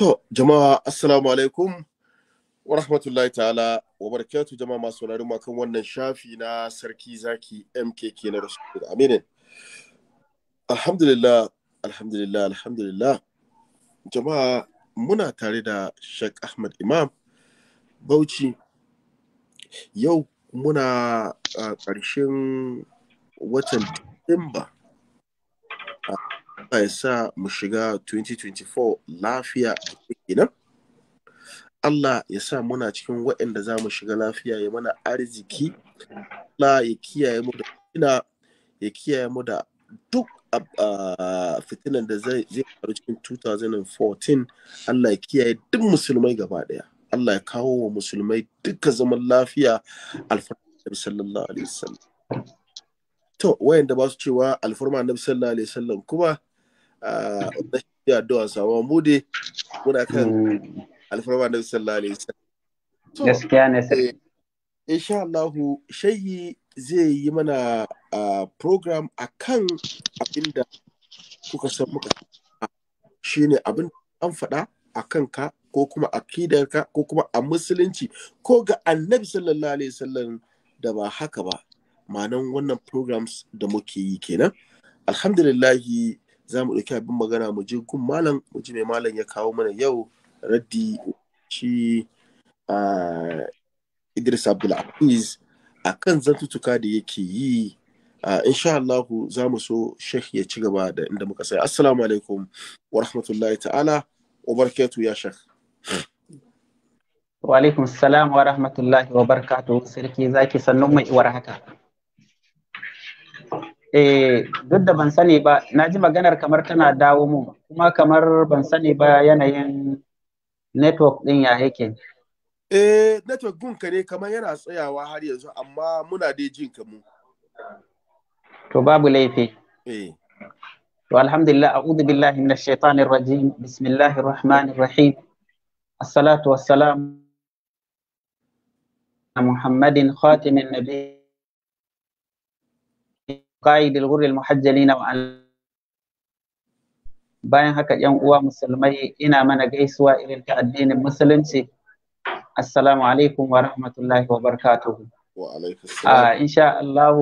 To, jama'a assalamu alaikum wa rahmatullahi ta'ala wa barakatu jama'a masu saurari kan wannan shafi na sarki zaki MKK na Rasulullah. Aminin. Alhamdulillah, alhamdulillah, alhamdulillah. Jama'a muna tare da Sheikh Ahmad Imam Bauchi. Yau muna a ƙarshen watan Disamba. Allah ya sa mu shiga 2024 lafiya kenan Allah ya sa muna cikin waɗanda za mu shiga lafiya ya mana arziki Allah ya kiyaye mu da fitina ya kiyaye mu da duk fitinan da zai faru cikin 2014 Allah ya kiyaye duk musulmai gaba ɗaya Allah ya kawo wa musulmai duka zaman lafiya alfarma sallallahu alaihi wasallam to wayanda ba su cewa alfarma annabi sallallahu alaihi wasallam kuma a ah, shi addu'an sa amma mu dai muna kan hmm. alfarma da sallallahu alaihi wasallam gaskiya ne sai eh, insha Allah shayi zai yi mana ah, program akan abinda kuka san muka shine abin an faɗa a kanka ko kuma a akidarka ko kuma a musulunci ko ga annabi sallallahu alaihi wasallam da ba haka ba ma'anan wannan programs da muke yi kenan alhamdulillahi za mu ɗauki abin magana mu ji gun malam mu ji mai malam ya kawo mana yau raddi shi a Idris Abdulaziz a kan zantutuka da yake yi Uh, insha Allahu za mu so Sheikh ya ci gaba da inda muka sai. Assalamu alaikum wa rahmatullahi ta'ala wa barakatu ya Sheikh. Wa alaikum salam wa rahmatullahi wa barkatu. sarki zaki sannun mai uwar haka. eh duk da ban sani ba na ji maganar kamar tana dawo mu kuma kamar ban sani ba yanayin network din ya yake eh network gunka ne kamar yana tsayawa har yanzu amma muna dai jin ka mu to babu laifi eh to alhamdulillah a'udhu billahi minash shaitanir rajim bismillahir rahmanir rahim الصلاة والسلام محمد خاتم النبي قائد الغر المحجلين وعن bayan haka yan uwa musulmai ina mana gaisuwa irin ta addinin musulunci assalamu alaikum wa rahmatullahi wa barakatuhu wa a ah, insha Allah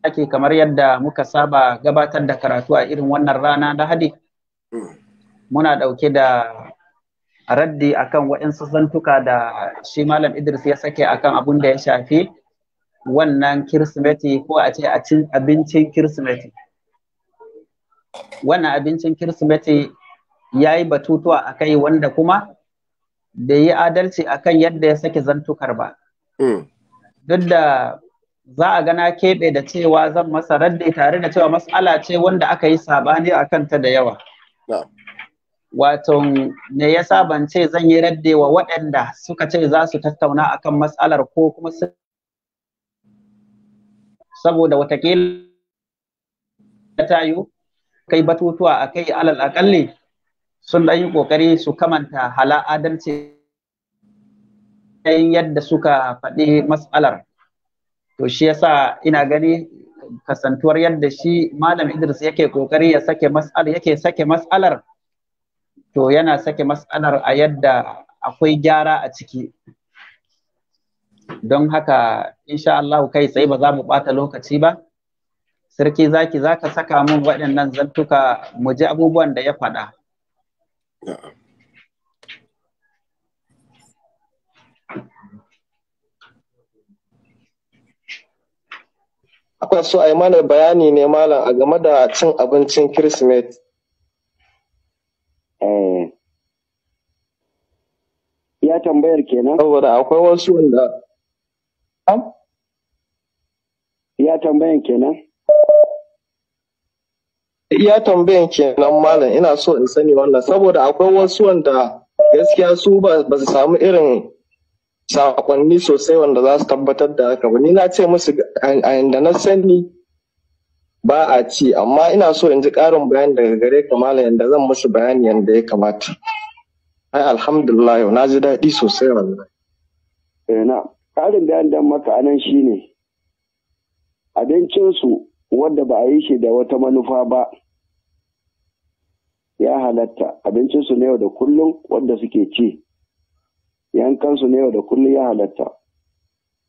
ake kamar yadda muka saba gabatar da karatu a irin wannan rana da hadi hmm. muna dauke da raddi akan waɗansu zantuka da shi malam Idris ya sake akan abun da ya shafi wannan kirsimeti ko a ce abincin kirsimeti wannan abincin kirsimeti ya yi batutuwa a kai wanda kuma da yi adalci a kan yadda ya sake zantukar ba hmm. duk da za a gana keɓe da cewa zan masa radde tare da cewa mas'ala ce wanda aka yi saɓani a kanta da yawa wato me yasa ban ce zan yi radde wa waɗanda suka ce za su tattauna akan matsalar ko kuma saboda watakila ta yi kai batutuwa a kai alal akalli sun ɗan yi ƙoƙari su kamanta hala adalci yadda suka faɗi matsalar to shi yasa ina gani kasantuwar yadda shi malam idris yake ƙoƙari ya sake yake sake mas'alar to yana sake mas'alar a yadda akwai gyara a ciki don haka insha Allah kai tsaye ba za mu bata lokaci ba sarki zaki za ka saka mun waɗannan zantuka mu ji abubuwan da ya faɗa akwai so a yi mana bayani ne malam a game da cin abincin kirsimeti eh, ya tambayar kenan saboda akwai wasu wanda Ya tambayan kenan? Iya tambayan kenan malam ina so in sani wannan saboda akwai wasu wanda gaskiya su ba su samu irin sakonni sosai wanda za su tabbatar da haka ba ni na ce musu a inda na sani ba a ci amma ina so in ji karin bayani daga gare ka malam yadda zan musu bayani yadda ya kamata ai alhamdulillah na ji daɗi sosai wannan ƙarin bayan yadda maka anan ne. abincinsu wadda ba a yi shi da wata manufa ba ya halatta abincinsu na yau da kullum wadda suke ci yankansu na yau da kullum ya halatta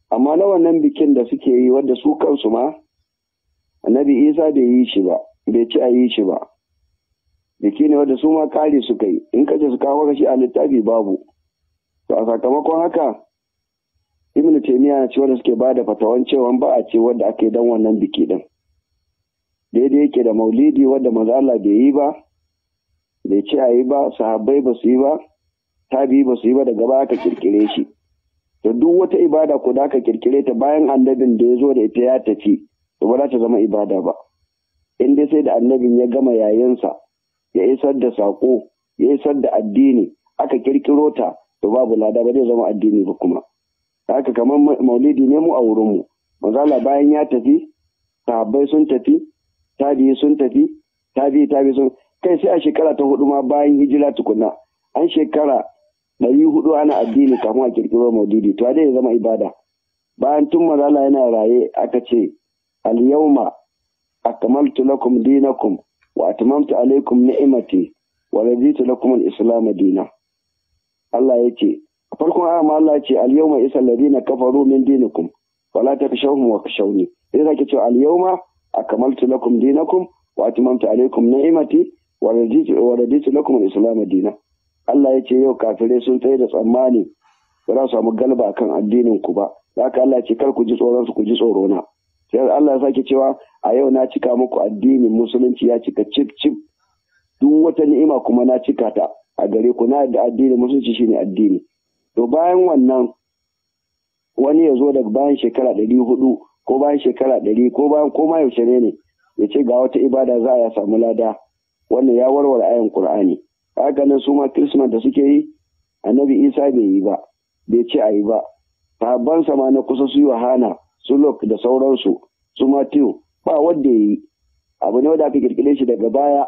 amma na wannan bikin da suke yi wadda su kansu ma annabi isa bai yi shi ba bai ci a yi shi ba biki ne wadda su ma kare suka yi in kace su kawo shi a littafi babu to a sakamakon haka ibnu taymiya na wanda suke ba da fatawan cewa ba a ce wanda aka yi dan wannan biki din daidai yake da maulidi wanda manzo Allah bai yi ba bai ce a yi ba sahabbai ba su yi ba tabi ba su yi ba daga baya aka kirkire shi to duk wata ibada ko da aka kirkire ta bayan annabin da ya zo da ita ya tafi to ba za ta zama ibada ba in dai sai da annabin ya gama yayansa ya isar da saƙo ya isar da addini aka kirkiro ta to babu lada ba zai zama addini ba kuma haka kamar maulidi ne mu a wurinmu mazala bayan ya tafi sahabbai sun tafi tabi'i sun tafi tabi'i tabi'i sun kai sai a shekara ta hudu ma bayan hijira tukuna an shekara ɗari hudu ana addini kafin a kirkiro maulidi to dai ya zama ibada bayan tun mazala yana raye aka ce al-yawma akmaltu lakum dinakum wa atmamtu alaikum ni'imati wa raditu lakum al-islam dina Allah ya ce farkon aya ma Allah ce al yawma isal ladina kafaru min dinikum wala takshawhum wa kashawni sai zaki ce al yawma akmaltu lakum dinakum wa atmamtu alaykum ni'mati wa raditu lakum al islam dina Allah ya ce yau kafire sun tsaye da tsammani ba za su samu galba akan addinin ku ba haka Allah ya ce kar ku ji tsoron su ku ji tsoro na sai Allah ya sake cewa a yau na cika muku addinin musulunci ya cika cip cip duk wata ni'ima kuma na cika ta a gare ku na da addinin musulunci shine addini to bayan wannan wani ya zo daga bayan shekara ɗari hudu ko bayan shekara ɗari ko bayan koma yaushe ne ya ce ga wata ibada za a ya samu lada wannan ya warware ayan ƙur'ani. haka nan su ma da suke yi annabi isa bai yi ba bai ce a yi ba sahabbansa ma na kusa su yohana su lok da sauransu su matiyu ba wanda ya yi abu ne wanda aka kirkire shi daga baya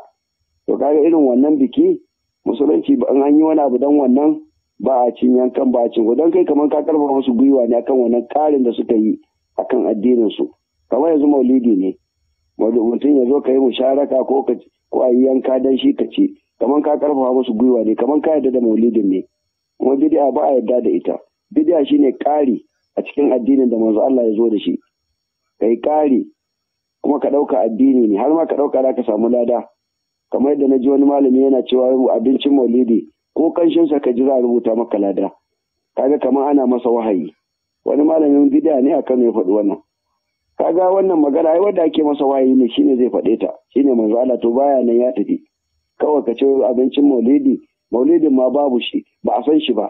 to kaga irin wannan biki musulunci in an yi wani abu dan wannan ba a cin yankan ba a cin don kai kamar ka karfafa musu gwiwa ne akan wannan karin da suka yi akan addinin su kamar yanzu maulidi ne mutum ya zo ka yi musharaka ko ka ko a yi yanka dan shi ka ce kamar ka karfafa musu gwiwa ne kamar ka yarda da maulidin ne kuma bid'a ba a yarda da ita bid'a shine kari a cikin addinin da manzo Allah ya zo da shi kai kari kuma ka ɗauka addini ne har ma ka ɗauka za ka samu lada kamar yadda na ji wani malami yana cewa abincin maulidi ko kanshinsa ka ji za a rubuta maka lada kaga kama ana masa wahayi wani malamin bid'a ne a Kano ya faɗi wannan kaga wannan magana ai wanda ake masa wahayi ne shine zai faɗe ta shine manzo Allah to baya nan ya tafi kawai ka ce abincin maulidi maulidin ma babu shi ba a san shi ba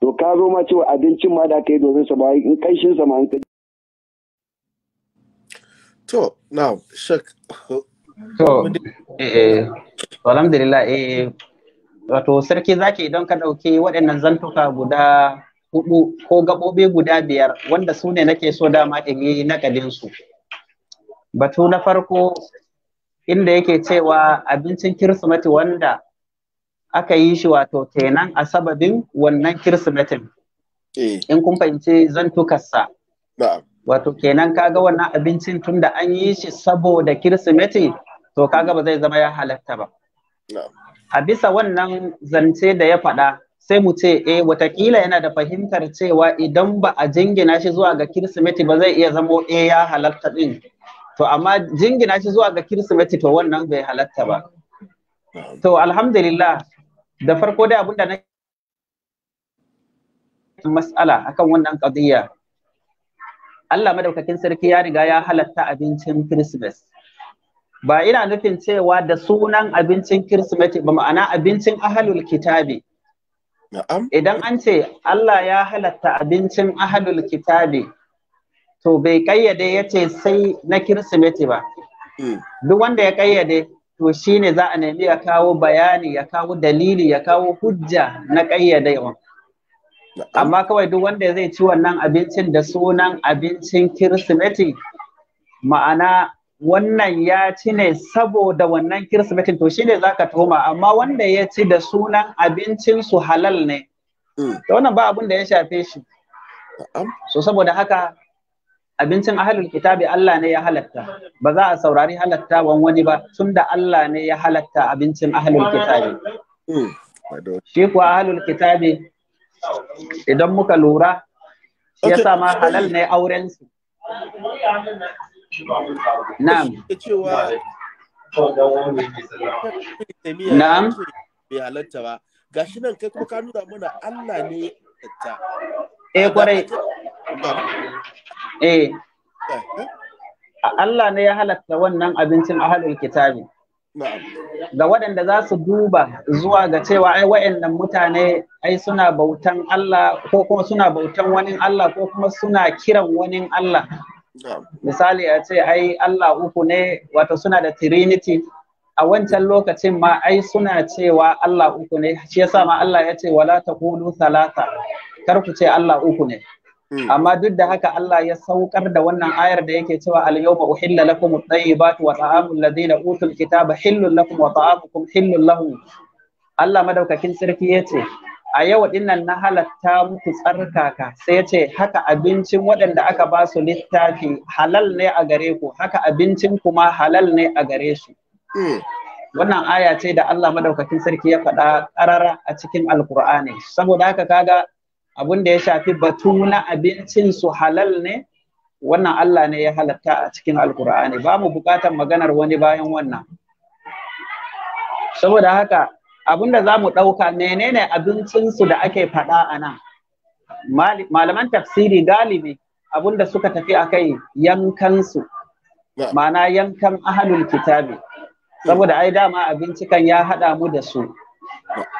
to ka zo ma cewa abincin ma da aka yi domin sa ba in kanshin sa ma an kai to now shak to eh, eh alhamdulillah eh, eh wato sarki zaki idan ka ɗauki waɗannan zantuka guda hudu ko gaɓoɓi guda biyar wanda su ne nake so dama in yi nakalinsu. Batu na farko inda yake cewa abincin Kirsimeti wanda aka yi shi wato kenan a sababin wannan Kirsimetin. Eh. In kun fahimci zantukarsa. Wato kenan kaga wannan abincin tunda an yi shi saboda Kirsimeti to kaga ba zai zama ya halatta ba. a bisa wannan zance da ya faɗa sai mu ce eh watakila yana da fahimtar cewa idan ba a jingina shi zuwa ga kirsimeti ba zai iya zamo eh ya halatta din to amma jingina shi zuwa ga kirsimeti to wannan bai halatta ba to alhamdulillah da farko dai abinda na mas'ala akan wannan qadiyya Allah madaukakin sarki ya riga ya halatta abincin Christmas ba ina nufin cewa da sunan abincin kirsimeti ba ma'ana abincin ahalul kitabi idan an ce Allah ya halatta abincin ahalul kitabi to bai kayyade ya ce sai na kirsimeti ba mm. duk wanda ya kayyade to shi ne za a nemi ya kawo bayani ya kawo dalili ya kawo hujja na kayyadewa amma kawai duk wanda zai ci wannan abincin da sunan abincin kirsimeti ma'ana wannan ya ci ne saboda wannan kirsimetin to shi ne za ka tuhuma amma wanda ya ci da sunan abincin halal ne da mm. wannan ba abin da ya shafe shi so saboda haka abincin ahlul kitabi Allah ne ya halatta ba za a saurari halatta wan wani ba tunda Allah ne ya halatta abincin ahlul kitabi mm. shi kuwa ahlul kitabi idan muka lura shi yasa ma halal ne auren su Na'am. cewa Na'am. Bai halatta ba. Gashi nan kai kuma ka nuna mana Allah ne ta. Eh kwarai. Eh. Eh, eh. Allah ne ya halatta wannan abincin ahalul kitabi. Ga waɗanda za su duba zuwa ga cewa ai waɗannan mutane ai suna bautan Allah ko kuma suna bautan wani Allah ko kuma suna kiran wani Allah. misali a ce ai Allah uku ne wato suna da trinity a wancan lokacin ma ai suna cewa Allah uku ne shi yasa ma Allah ya ce wala taqulu salata kar ku ce Allah uku ne hmm. amma duk da haka Allah ya saukar da wannan ayar da yake cewa al yawma uhilla lakum at-tayyibat wa ta'amul ladina utul kitaba hillun lakum wa ta'amukum hillun lahum Allah madaukakin sarki yace a yau dinnan na halatta muku tsarkaka sai ya ce haka abincin waɗanda aka ba su littafi halal ne a gare ku haka abincin kuma halal ne a gare su hmm. wannan aya ce da Allah madaukakin sarki ya faɗa ƙarara a cikin alkur'ani saboda haka kaga abin da ya shafi batu na abincin su halal ne wannan Allah ne ya halatta a cikin alkur'ani ba mu buƙatar maganar wani bayan wannan saboda haka abinda za mu ɗauka menene abincinsu da ake faɗa a nan malaman tafsiri galibi abinda suka tafi a kai yankansu ma'ana yankan ahalul kitabi saboda ai dama abincikan ya haɗa mu da su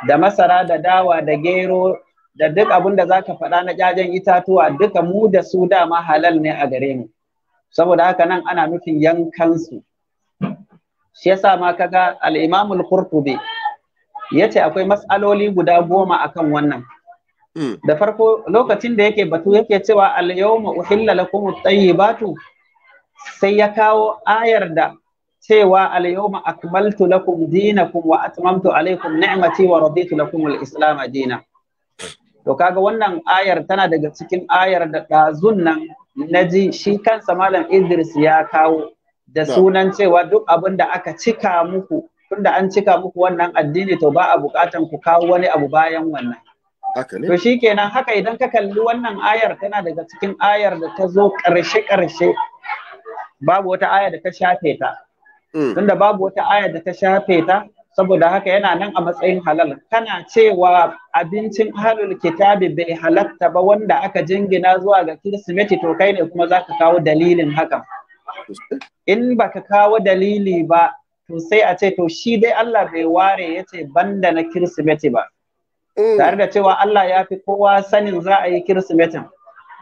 da masara da dawa da gero da duk abinda za ka faɗa na ƙyajen itatuwa duka mu da su dama halal ne a gare mu saboda haka nan ana nufin yankansu shi yasa ma kaga al-imamul qurtubi ya ce akwai matsaloli guda goma a kan wannan hmm. da farko lokacin da yake batu yake cewa al-yawma uhilla lakum at-tayyibatu sai ya kawo ayar da cewa al-yawma akmaltu lakum dinakum wa atmamtu alaykum ni'mati wa raditu lakum al-islam dina to kaga wannan ayar tana daga cikin ayar da dazun nan naji shi kansa malam Idris ya kawo da sunan cewa duk abin da aka cika muku tunda an cika muku wannan addini to ba a buƙatar ku kawo wani abu bayan wannan haka ne to shikenan haka idan ka kalli wannan ayar tana daga cikin ayar da ta zo ƙarshe ƙarshe babu wata aya da ta shafe ta mm. tunda babu wata aya da ta shafe ta saboda haka yana nan a matsayin halal kana cewa abincin halal kitabi bai halatta ba wanda aka jingina zuwa ga kirsimeti to kai ne kuma zaka kawo dalilin haka in baka kawo dalili ba to sai a ce to shi dai Allah bai ware ya ce banda na kirsimeti ba mm. tare da cewa Allah ya fi kowa sanin za a yi kirsimetin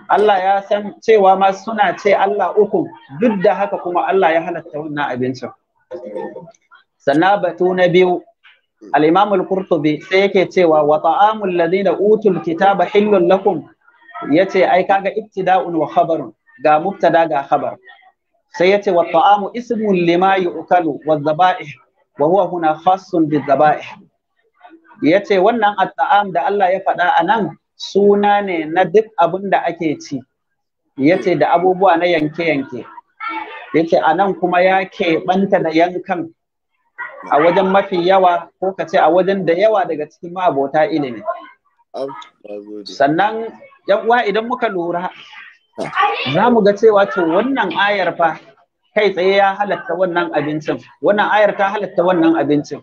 Allah ya san cewa ma suna ce Allah uku duk da haka kuma Allah ya halatta wannan abincin sannan batu na biyu alimamul imam al sai yake cewa wa ta'amul ladina utul kitaba hillun lakum ce ai kaga ibtida'un wa khabarun ga mubtada ga khabar sai yace wa ta'amu ismun lima yu'kalu wa dhaba'ih wa huwa huna khassun bi Ya yace wannan at'am da Allah ya faɗa anan suna ne na duk abin da ake ci yace da abubuwa na yanke yanke yace a nan kuma ya keɓanta da yankan a wajen mafi yawa ko ka ce a wajen da yawa daga cikin ma'abota ilimi sannan yan uwa idan muka lura za mu ga cewa to wannan ayar fa kai tsaye ya halatta wannan abincin wannan ayar ta halatta wannan abincin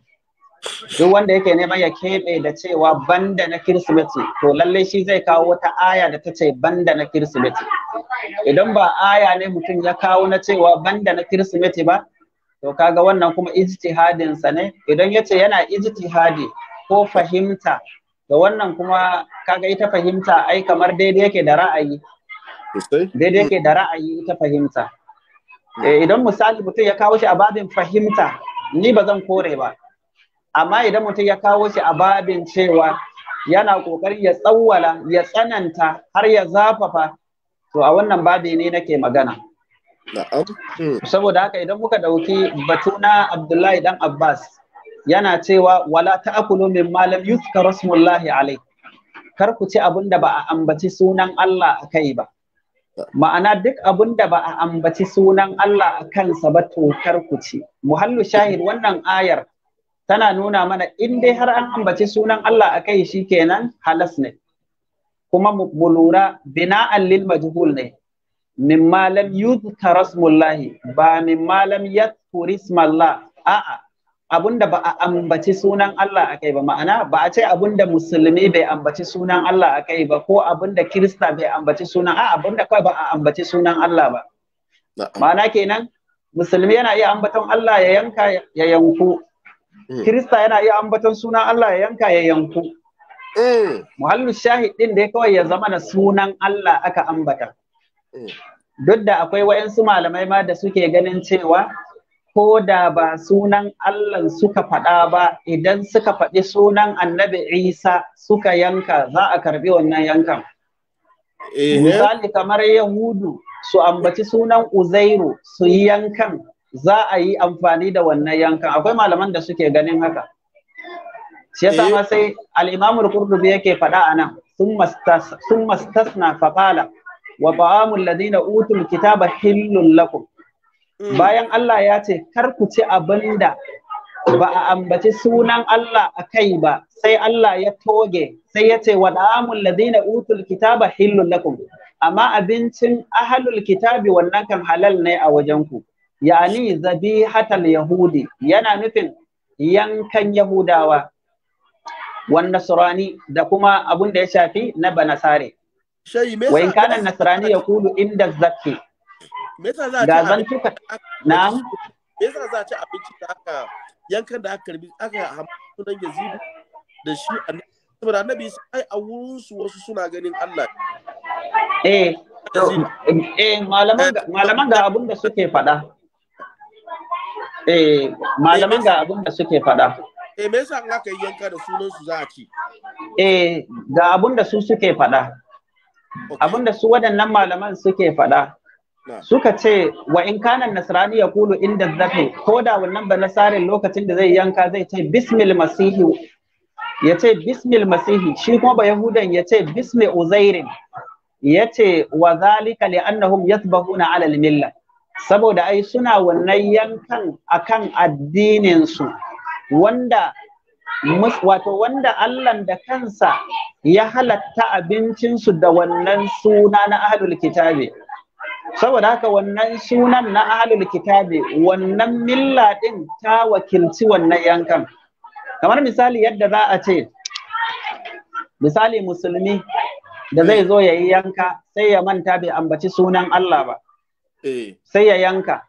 duk wanda yake neman ya keɓe da cewa banda na kirsimeti to lallai shi zai kawo wata aya da ta ce banda na kirsimeti idan ba aya ne mutum ya kawo na cewa banda na kirsimeti ba to kaga wannan kuma ijtihadin sa ne idan yace yana ijtihadi ko fahimta da wannan kuma kaga ita fahimta ai kamar daidai yake da ra'ayi daidai ke da ra'ayi ita fahimta eh, idan misali mutum ya kawo shi a babin fahimta ni ba zan kore ba amma idan mutum ya kawo shi a babin cewa yana kokari ya tsawwala ya tsananta har ya zafafa to a wannan babi ne nake magana hmm. saboda haka idan muka dauki batuna abdullahi dan abbas yana cewa wala ta'kulu min malam yuzkarasmullahi smullahi alai kar ku ci abin da ba a ambaci sunan Allah a kai ba ma'ana duk abun da ba a ambaci sunan Allah a kansa ba tokar ku ce muhallu shahid wannan ayar tana nuna mana in dai har an ambaci sunan Allah a kai shi kenan halas ne kuma mu lura bina'an lil majhul ne mimma lam yuzkar rasmullahi, ba mimma lam yadhkur ismallah a'a abunda ba a ambaci sunan Allah akai ba ma'ana ba a ce abunda musulmi bai ambaci sunan Allah akai ba ko abunda kirista bai ambaci sunan a abunda kawai ba a ambaci sunan Allah ba ma'ana kenan musulmi yana iya ambaton Allah ya yanka ya yanku hmm. kirista yana iya ambaton sunan Allah ya yanka ya yanku hmm. muhallu shahid din da kawai ya zama na sunan Allah aka ambata hmm. duk da akwai wayansu malamai ma da suke ganin cewa ko da ba sunan Allah suka faɗa ba idan suka faɗi sunan annabi Isa suka yanka za a karbi wannan yankan. Misali kamar Yahudu su ambaci sunan Uzairu su yi yankan za a yi amfani da wannan yankan akwai malaman da suke ganin haka. Shi yasa ma sai al-Imamul yake faɗa anan sun mastasna faqala wa ta'amul ladina utul kitaba hillun lakum Mm. bayan Allah ya ce kar ku ci abin da ba a ambaci sunan Allah a kai ba sai Allah ya toge sai ya ce wa da'amul ladina utul kitaba hillul lakum amma abincin ahlul kitabi wannan kan halal ne a wajen ku yani zabihatal yahudi yana nufin yankan yahudawa wan nasrani da kuma abun da ya shafi na banasare wa in kana nasrani yaqulu inda zakki me yasa za a ci na'am me yasa za a ci abinci da aka yankan da aka karbi aka hamsu na yazidu da shi annabi saboda annabi sai a wurin wasu suna ganin Allah eh eh malaman malaman ga abin da suke faɗa eh malaman ga abin da suke faɗa eh me yasa aka yanka da sunansu za a ci eh ga abin da su suke faɗa abin da su waɗannan malaman suke faɗa suka ce wa in kana nasrani ya kulu inda ko da wannan ba nasarin lokacin da zai yanka zai ce bismil masihi ya ce bismil masihi shi kuma ba yahudan ya ce bismi uzairin ya ce wa zalika li annahum yathbahuna ala milla saboda ai suna wannan yankan akan addinin su wanda wato wanda Allah da kansa ya halatta abincinsu da wannan suna na ahlul kitabi saboda haka wannan sunan na ahlul kitabi wannan milla din ta wakilci wannan yankan kamar misali yadda za a ce misali musulmi da zai zo ya yi yanka sai ya manta bai ambaci sunan Allah ba eh. sai ya yanka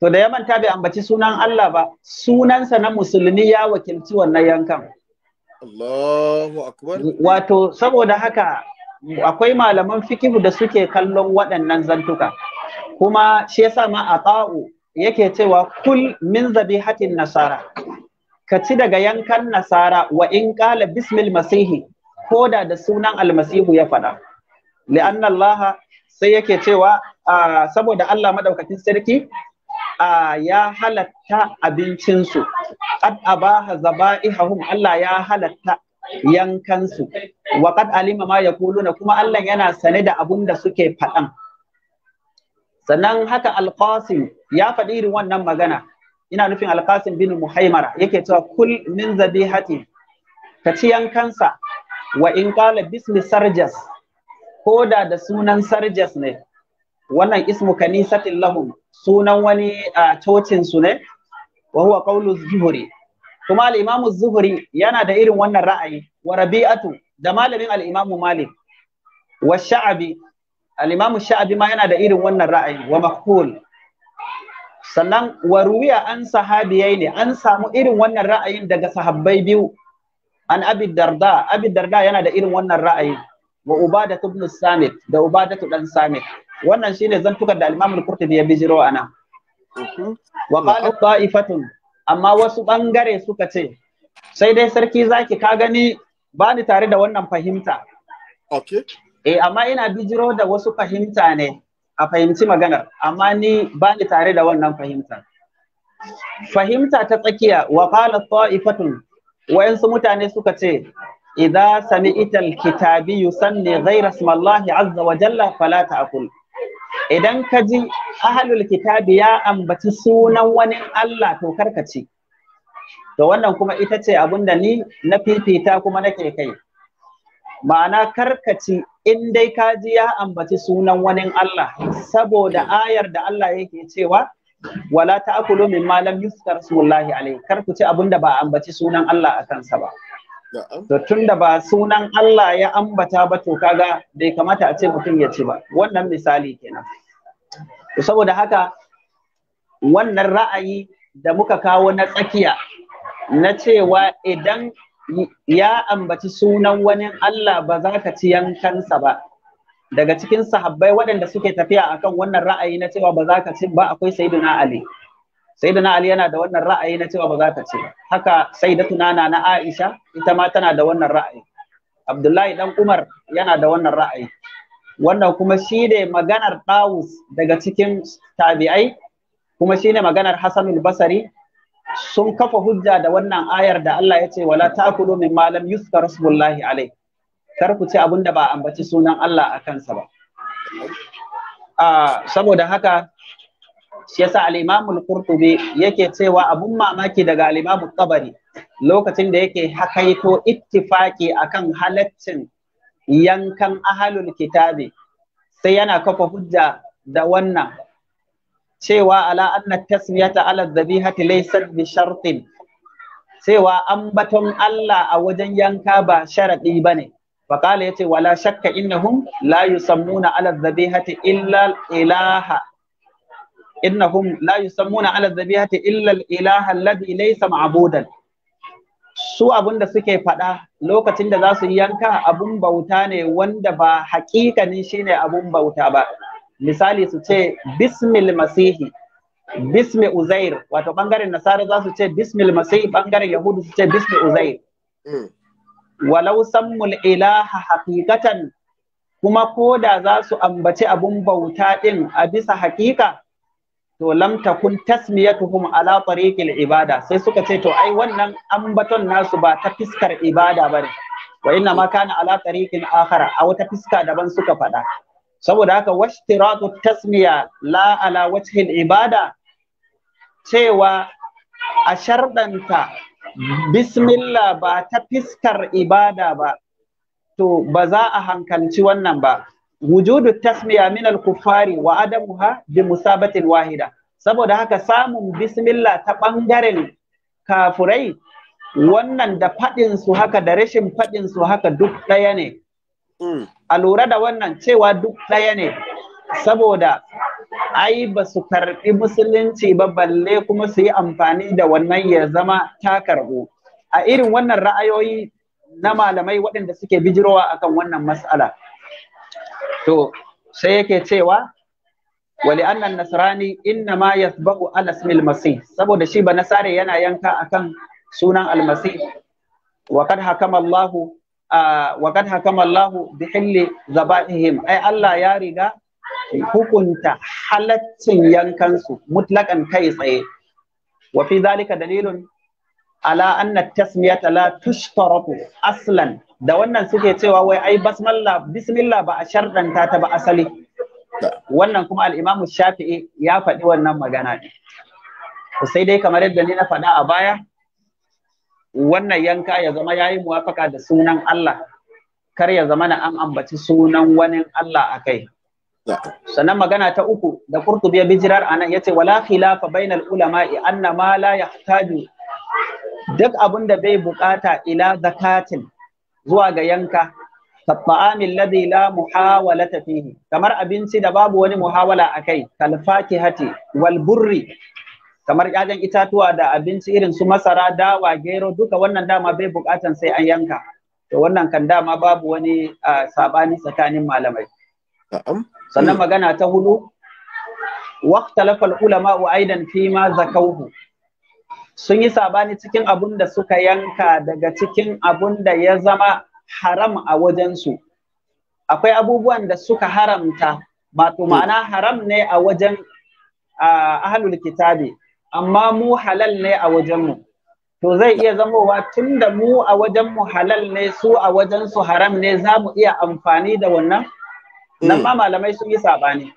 to da ya manta bai ambaci sunan Allah ba sunansa na musulmi ya wakilci wannan yankan Allahu akbar wato saboda haka akwai malaman fikihu da suke kallon waɗannan zantuka kuma shi yasa ma a ta'u yake cewa kul min zabihatin nasara ka ci daga yankan nasara wa in qala bismil masihi ko da sunan almasihu ya faɗa li'anna Allah sai yake cewa saboda Allah madaukakin sarki ya halatta abincinsu qad abaha zaba'ihum Allah ya halatta yankansu wa alima ma yaquluna kuma Allah yana sane da abun da suke faɗan sannan haka alqasim ya faɗi irin wannan magana ina nufin alqasim bin muhaimara yake cewa kul min zabihati ka ci yankansa wa in qala bismi sarjas koda da sunan sarjas ne wannan ismu kanisatin lahum sunan wani a cocin su ne wa huwa qawlu zuhri kuma al-Imam Zuhri yana da irin wannan ra'ayi wa Rabi'atu da malamin al-Imam Malik wa Sha'abi al-Imam Sha'abi ma yana da irin wannan ra'ayi wa Maqbul sannan wa ruwiya an sahabiyai ne an samu irin wannan ra'ayin daga sahabbai biyu an Abi Darda Abi Darda yana da irin wannan ra'ayi wa Ubadatu ibn Samit da Ubadatu dan Samit wannan shine zantukar da al-Imam al-Qurtubi ya bijiro ana mhm. wa qala ta'ifatun amma wasu ɓangare suka ce sai dai sarki zaki ka gani ba ni tare da wannan fahimta okay. eh amma ina bijiro da wasu fahimta ne a fahimci maganar amma ni ba ni tare da wannan fahimta fahimta ta tsakiya wa qala ta'ifatun wayansu mutane suka ce idza sami'ta kitabi yusanni ghayra ismi Allah azza wa jalla fala ta'kul idan ka ji ahlul kitabi ya ambaci sunan wani Allah to karkace to wannan kuma ita ce abunda ni na fifita kuma nake kai ma'ana karkace in dai ka ji ya ambaci sunan wani Allah saboda ayar da Allah yake cewa wala ta'kulu mimma lam yuskar smullahi alaihi karku ci abinda ba ba ambaci sunan Allah a kansa ba to tunda ba sunan Allah ya ambata ba to kaga bai kamata a ce mutum ya ci ba wannan misali kenan saboda haka wannan ra'ayi da muka kawo na tsakiya na cewa idan ya ambaci sunan wani Allah ba za ka ci yankansa ba daga cikin sahabbai waɗanda suke tafiya akan wannan ra'ayi na cewa ba za ka ci ba akwai sayyidina Ali na ali yana da wannan ra'ayi na cewa ba za ta ce haka sai da tunana na aisha ita ma tana da wannan ra'ayi abdullahi dan umar yana da wannan ra'ayi wannan kuma shi ne maganar dawus daga cikin tabi'ai kuma shi ne maganar Hassanul Basri, sun kafa hujja da wannan ayar da Allah ya ce wala ta'kulu min ma lam yuzkar rasulullahi alai kar ku ci abinda ba ambaci sunan Allah a kansa ba a ah, saboda haka shi yasa al-Imam al-Qurtubi yake cewa abun mamaki daga al-Imam al-Tabari lokacin da yake hakaito ittifaki akan halaccin yankan ahlul kitabi sai yana kafa hujja da wannan cewa ala anna tasmiyata ala dhabihati laysat bi shartin cewa ambaton Allah a wajen yanka ba sharadi bane faqala yace wala shakka innahum la yusammuna ala dhabihati illa ilaha innahum la yusammuna ala dhabihati illa al-ilaha alladhi laysa su abin da suke faɗa lokacin da za su yanka abun bauta ne wanda ba haƙiƙanin shine abun bauta ba misali su ce bismil masihi bismi uzair wato bangaren nasara za su ce bismil masihi, ɓangaren yahudu su ce bismi uzair walau sammul ilaha hakikatan kuma ko da za su ambaci abun bauta din a bisa hakika? to lam takun tasmiyatuhum ala tariqil ibada sai suka ce to ai wannan ambaton nasu ba ta fiskar ibada bane wa inna ma kana ala tariqin akhara a wata fiska daban suka faɗa saboda haka washtiratu tasmiya la ala wajhil ibada cewa a sharɗanta bismillah ba ta fiskar ibada ba to ba za a hankalci wannan ba wujudu tasmiya min al-kuffari wa adamuha bi musabatin wahida saboda haka samun bismillah ta bangaren kafurai wannan da faɗin su haka da rashin faɗin su haka duk ɗaya ne mm. a lura da wannan cewa duk ɗaya ne saboda ai ba su karɓi musulunci ba balle kuma su yi amfani da wannan ya zama ta karbu a irin wannan ra'ayoyi na malamai waɗanda suke bijirowa akan wannan mas'ala. to sai yake cewa wali annan nasrani inna ma yasbahu ala ismil masih saboda shi ba nasare yana yanka akan sunan almasih wa kad hakama allah wa kad hakama allah bi hilli zabaihim ai Allah ya riga hukunta halaccin yankansu mutlakan kai tsaye wa fi dalika dalilun ala anna tasmiyata la tushtaratu aslan da wannan suke cewa wai ai basmalla bismillah ba a sharɗanta ta ba asali wannan kuma Al'imamu Shafi'i ya faɗi wannan magana ne sai dai kamar yadda ni na faɗa a baya wannan yanka ya zama yayi muwafaka da sunan Allah kar ya zama na an ambaci sunan wani Allah a kai sannan magana ta uku da Qurtubi ya bijirar anan yace wala khilafa bainal ulama'i anna ma la yahtaju duk abin da bai bukata ila zakatin zuwa ga yanka katta'amin ladhi la muhawalata fihi kamar abinci da babu wani muhawala akai Talfaki hati. wal burri kamar ƴaƴan itatuwa da abinci irin su masara dawa gero duka wannan dama bai buƙatan sai an yanka to wannan kan dama babu wani sabani tsakanin malamai sannan magana ta hudu waqtalafa ulama wa aidan fi ma zakawhu sun yi sabani cikin abun da suka yanka daga cikin abun da ya zama haram a wajensu akwai abubuwan da suka haramta wato ma'ana haram ne a wajen ahlul kitabi amma mu halal ne a wajenmu to zai iya zamowa tun da mu a wajenmu halal ne su a wajensu haram ne za mu iya amfani da wannan nan ma hmm. malamai sun yi sabani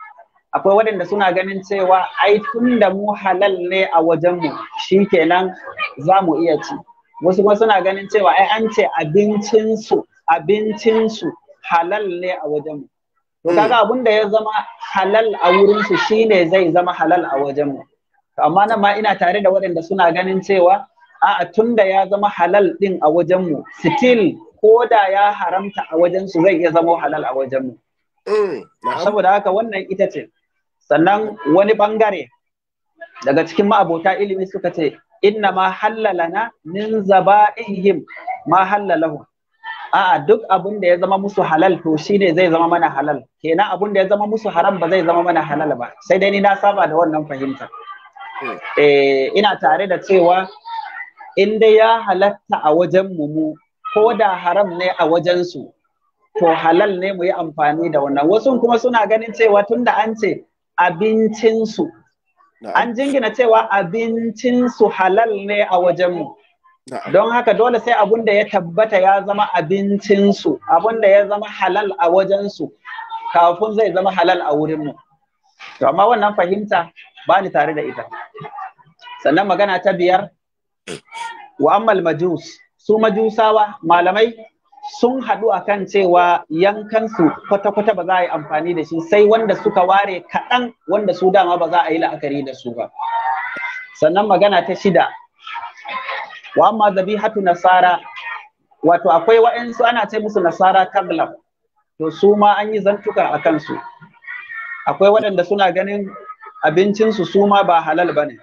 akwai waɗanda suna ganin cewa ai tun da mu halal ne a wajenmu shi kenan za mu iya ci wasu kuma suna ganin cewa ai an ce abincinsu abincinsu halal ne a wajenmu to hmm. kaga abun da ya zama halal a wurinsu shine zai zama halal a wajenmu amma nan ma ina tare da waɗanda suna ganin cewa a'a tun da ya zama halal din a wajenmu still ko da ya haramta a wajensu zai iya zama halal a wajenmu eh, saboda haka wannan ita ce sannan wani bangare daga cikin ma'abota ilimi suka ce inna ma na min zaba'ihim ma hallalahu a'a duk abin da ya zama musu halal to shine zai zama mana halal kenan abin da ya zama musu haram ba zai zama mana halal ba sai dai ni na saba da wannan fahimta eh, ina tare da cewa in dai ya halatta a wajen mu mu ko da haram ne a wajen su to halal ne mu yi amfani da wannan wasu kuma suna ganin cewa tunda an ce abincinsu. An jingina cewa abincinsu halal ne a wajenmu. Don haka dole sai abun da ya tabbata ya zama abincinsu, abun da ya zama halal a wajensu, kafin zai zama halal a wurinmu. To amma wannan fahimta ba ni tare da ita. Sannan magana ta biyar, wa ammal majus, su majusawa malamai sun haɗu a kan cewa yankansu kwata-kwata ba za a yi amfani da shi sai wanda suka ware kaɗan wanda su dama ba za a yi la'akari da su ba. Sannan magana ta shida, wa amma zabihatu nasara, wato akwai waɗansu ana ce musu nasara taglam. to su ma an yi zantuka a kansu. Akwai waɗanda suna ganin abincinsu su ma ba halal ba ne.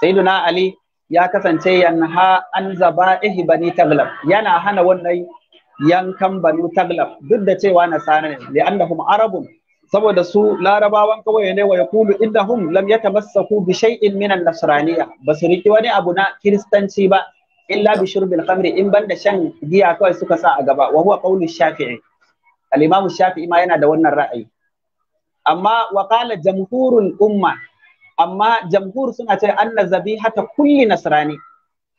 Sayyiduna Ali ya kasance yanha an zaba'ihi bani taglab yana hana wannan yankan banu taglab duk da cewa nasara ne li'annahum arabun saboda su larabawan kawai ne wa yaqulu innahum lam yatamassaku bi shay'in min an-nasraniyya basu riki wani abu na kiristanci ba illa bi shurbil khamri in banda shan giya kawai suka sa a gaba wa huwa qawlu shafi'i al-imam shafi'i ma yana da wannan ra'ayi amma wa qala jamhurul umma amma jamhur suna ce anna hata kulli nasrani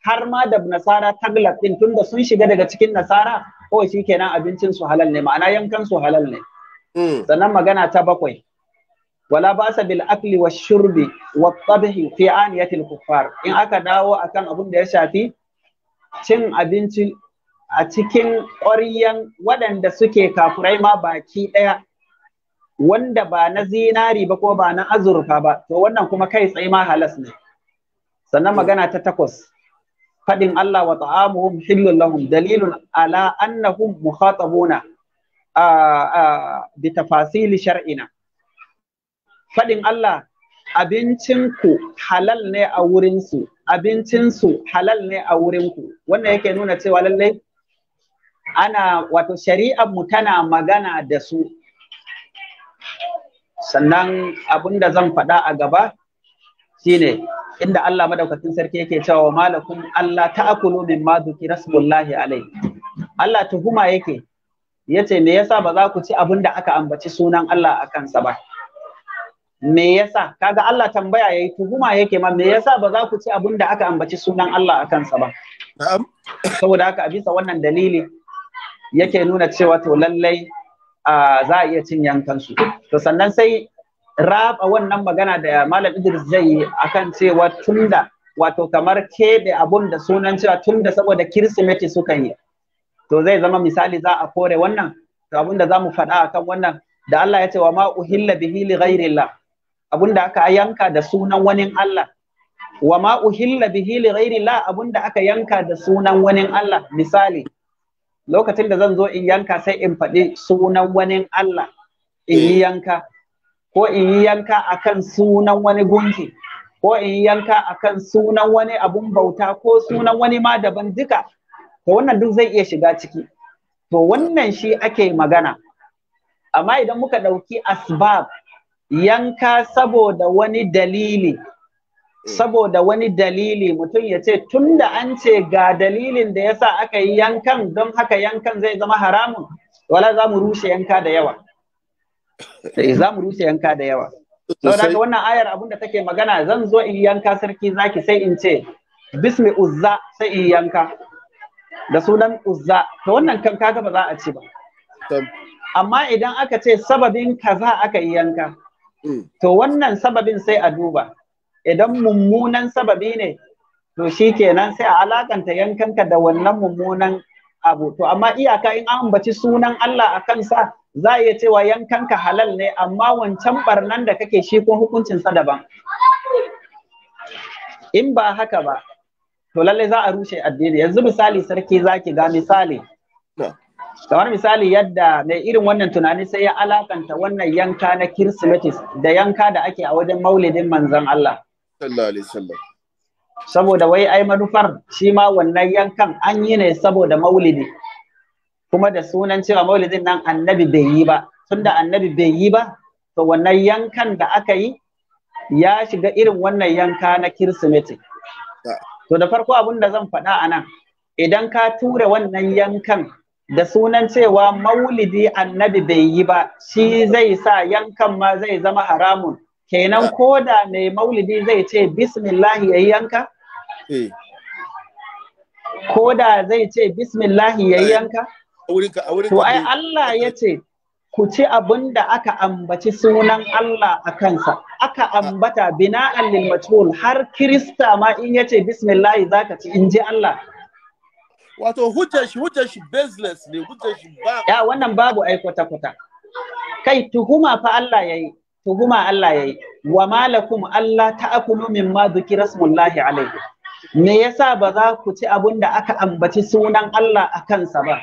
har ma da nasara taglab din tunda sun shiga daga cikin nasara ko shi kenan abincin su halal ne ma'ana yankan su halal ne hmm. sannan magana ta bakwai wala basa bil akli wa shurbi wa tabhi fi aniyati al kuffar in aka dawo akan abin da ya shafi cin abinci a cikin ƙwaryan waɗanda suke kafurai ma baki ɗaya wanda ba na zinari ba ko ba na azurfa ba to wannan kuma kai tsaye ma halas ne sannan magana ta takwas fadin Allah wa ta'amuhum hillul lahum dalilun ala annahum mukhatabuna bi tafasili shar'ina fadin Allah abincin ku halal ne a wurinsu abincinsu halal ne a wurinku wannan yake nuna cewa lallai ana wato shari'ar mu tana magana da su sannan abin da zan faɗa a gaba shine inda Allah madaukakin sarki yake cewa wa malakum Allah ta'kulu ma dhukira rasulullahi alai Allah tuhuma yake yace me yasa ba za ku ci abin da aka ambaci sunan Allah a kansa ba me yasa kaga Allah tambaya yayi tuhuma yake ma me yasa ba za ku ci abin da aka ambaci sunan Allah a kansa ba na'am saboda haka a bisa wannan dalili yake nuna cewa to lallai za a iya cin yankansu to sannan sai raba wannan magana da malam Idris zai yi akan cewa tunda wato kamar keɓe abun da sunan cewa tunda saboda kirsimeti suka yi to zai zama misali za a kore wannan to abun da za mu faɗa akan wannan da Allah ya ce wa ma uhilla ghairillah abun da aka yanka da sunan wani Allah wa ma uhilla ghairillah abun da aka yanka da sunan wani Allah misali lokacin da zan zo in yanka sai in faɗi sunan wani Allah in yi yanka ko in yi yanka akan sunan wani gunki ko in yi yanka akan sunan wani abun bauta ko sunan wani ma daban duka to wannan duk zai iya shiga ciki to wannan shi ake magana amma idan muka ɗauki asbab yanka saboda wani dalili Mm. saboda wani dalili mutum ya ce tunda an ce ga dalilin da yasa aka yi yankan don haka yankan zai zama haramun wala za mu rushe yanka da yawa eh, za mu rushe yanka da yawa saboda wannan ayar abinda take magana zan zo in yanka sarki zaki sai in ce bismi uzza sai in yanka da sunan uzza to wannan kan kaga ba za a ci ba amma idan aka ce sababin kaza aka yi yanka mm. to wannan sababin sai a duba idan mummunan sababi ne to shi kenan sai a alakanta yankanka da wannan mummunan abu to amma iyaka in an ambaci sunan Allah a kansa za a iya cewa yankanka halal ne amma wancan barnan da kake shi ko hukuncin sa daban in ba haka ba to lalle za a rushe addini yanzu misali sarki zaki ga misali kamar misali yadda mai irin wannan tunani sai ya alakanta wannan yanka na kirsimetis da yanka da ake a wajen maulidin manzon Allah sallallahu alaihi wasallam saboda wai ai manufar shi ma wannan yankan an yi ne saboda maulidi kuma da sunan cewa maulidin nan annabi bai yi ba tunda annabi bai yi ba to wannan yankan da aka yi ya shiga irin wannan yanka na kirsimeti ah. to da farko abin da zan faɗa a nan idan ka tura wannan yankan da sunan cewa maulidi annabi bai yi ba shi zai sa yankan ma zai zama haramun kenan ko da mai maulidi zai ce bismillahi yayi yanka eh. ko da zai ce bismillahi yayi yanka to ai Allah ya ce ku ci abin da aka ambaci sunan Allah a kansa aka ambata bina lil matul har kirista ma in yace bismillahi zaka ci in ji Allah wato hujjar shi hujjar shi baseless ne hujjar shi ba ya wannan babu ai kwata kwata kai tuhuma fa Allah yayi tuhuma Allah yayi wa malakum Allah min ma duki rasmullahi alaihi. me yasa ba za ku ci abun da aka ambaci sunan Allah a kansa ba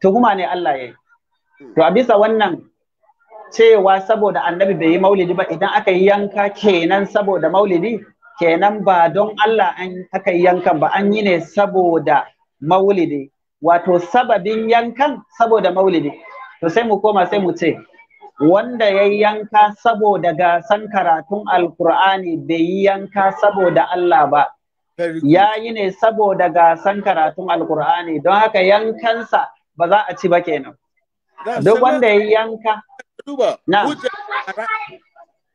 tuhuma ne Allah yayi hmm. to a bisa wannan cewa saboda annabi bai yi maulidi ba idan aka yi yanka kenan saboda maulidi kenan ba don Allah an aka yi yankan ba an yi ne saboda maulidi wato sababin yankan saboda maulidi to sai mu koma sai mu ce wanda ya yanka saboda gasan karatun alkur'ani bai yi yanka saboda Allah ba ya yi ne saboda gasan karatun alkur'ani don haka yankansa ba za a ci ba kenan duk wanda ya yanka na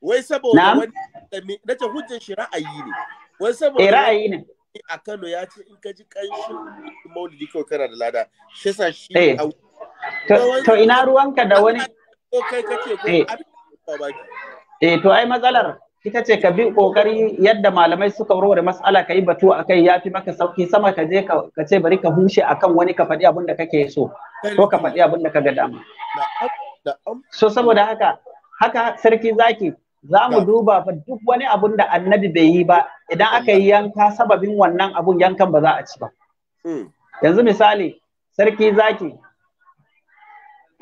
wai saboda wani hujjar shi ra'ayi ne wai saboda eh, ra'ayi ne a Kano ya ce in ka ji kanshin maulidi kawai kana da lada shi shi eh. to ina ruwanka da wani Eh. eh to ai matsalar ita ce ka bi kokari yadda malamai suka warware mas'ala ka yi batu a kai yafi maka sauki sama ka je ka ce bari ka hushe akan wani ka faɗi abin da kake so ko ka faɗi abin da ka ga dama so saboda haka haka sarki zaki za mu duba fa duk wani abun da annabi bai yi ba idan aka yi yanka sababin wannan abun yankan ba za a ci ba hmm. yanzu misali sarki zaki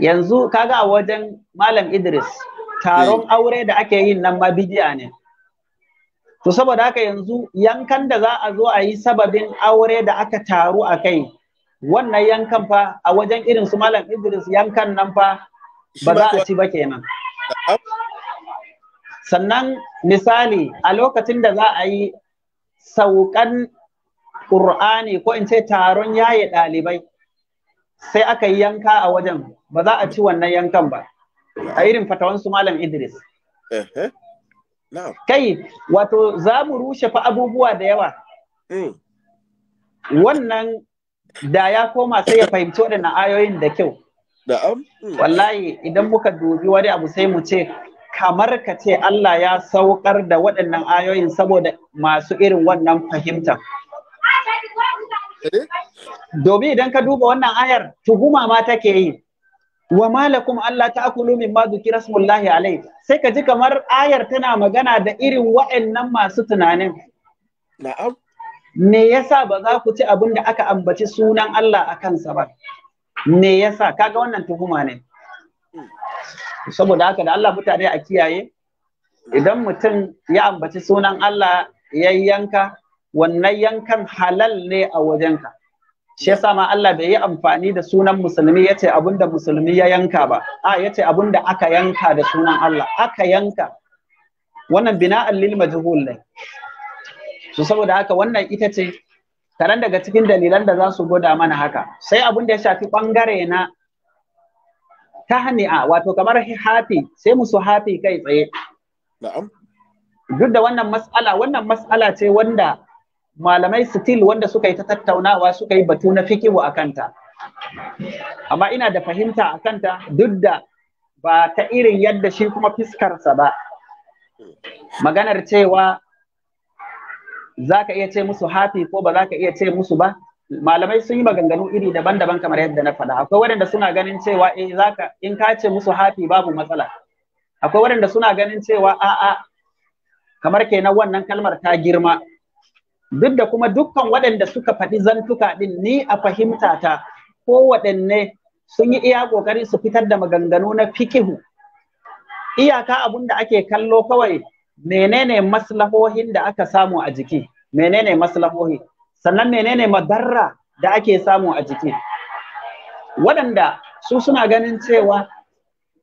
yanzu kaga a wajen malam idris taron eh. aure da ake yin nan ma bidiya ne to saboda haka yanzu yankan da za a zo a yi sababin aure da aka taru a kai wannan yankan fa a wajen irin su malam idris yankan nan fa ba za a ci ba kenan sannan misali a lokacin da za a yi saukan ƙur'ani ko in ce taron yaye ɗalibai sai aka yi yanka a wajen ba za a ci wannan yankan ba a irin fatawan su malam Idris kai wato za mu rushe fa abubuwa da yawa hmm. wannan da ya koma sai ya fahimci waɗannan ayoyin da kyau hmm. wallahi idan muka dubi wani abu sai mu ce kamar ka ce Allah ya saukar da waɗannan ayoyin saboda masu irin wannan fahimta. Eh? Domin idan ka duba wannan ayar tuhuma ma take yi. wa malakum Allah min ma dhukira smullahi alai sai ka ji kamar ayar tana magana da irin wa'annan masu tunanin na'am me yasa ba za ku ci abinda aka ambaci sunan Allah a kansa ba me yasa kaga wannan tuhuma ne saboda haka da Allah mutane a kiyaye idan mutum ya ambaci sunan Allah ya yanka wannan yankan halal ne a wajenka shi yasa ma Allah bai yi amfani da sunan musulmi yace abinda musulmi ya yanka ba a yace abinda aka yanka da sunan Allah aka yanka wannan bina'an lil majhul ne so saboda haka wannan ita ce karan daga cikin dalilan da za su goda mana haka sai abunda ya shafi bangare na tahni'a wato kamar hafi sai musu hafi kai tsaye na'am duk da wannan mas'ala wannan mas'ala ce wanda malamai still wanda suka yi ta tattaunawa suka yi batu na fikihu a kanta amma ina da fahimta a kanta duk da ba ta irin yadda shi kuma fiskarsa ba maganar cewa za ka iya ce musu hafi ko ba za ka iya ce musu ba malamai sun yi maganganu iri daban-daban kamar yadda na faɗa akwai waɗanda suna ganin cewa eh zaka in ka ce musu hafi babu matsala akwai waɗanda suna ganin cewa a'a kamar kenan wannan kalmar ta girma duk da kuma dukkan waɗanda suka faɗi zantuka ɗin ni a fahimta ta ko waɗanne sun yi iya ƙoƙari su fitar da maganganu na fikihu iyaka abun da ake kallo kawai menene maslahohin da aka samu a jiki menene maslahohi sannan menene madarra da ake samu a jiki waɗanda su suna ganin cewa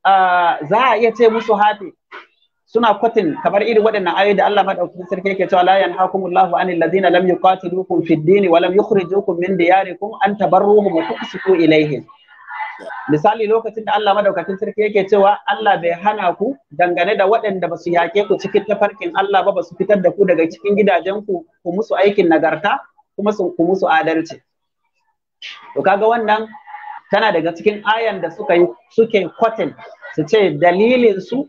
uh, za a iya ce musu hafi suna kwatin kamar irin waɗannan ayoyi da Allah madaukakin sarki yake cewa la yanhaakumullahu anil ladina lam yuqatilukum fid din wa lam yukhrijukum min diyarikum an tabarruhum wa tuqsitu ilayhim misali lokacin da Allah madaukakin sarki yake cewa Allah bai hana ku dangane da waɗanda ba su yake ku cikin tafarkin Allah ba ba su fitar da ku daga cikin gidajenku ku musu aikin nagarta kuma su ku musu adalci to kaga wannan tana daga cikin ayan da suka yi suke kwatin su ce dalilin su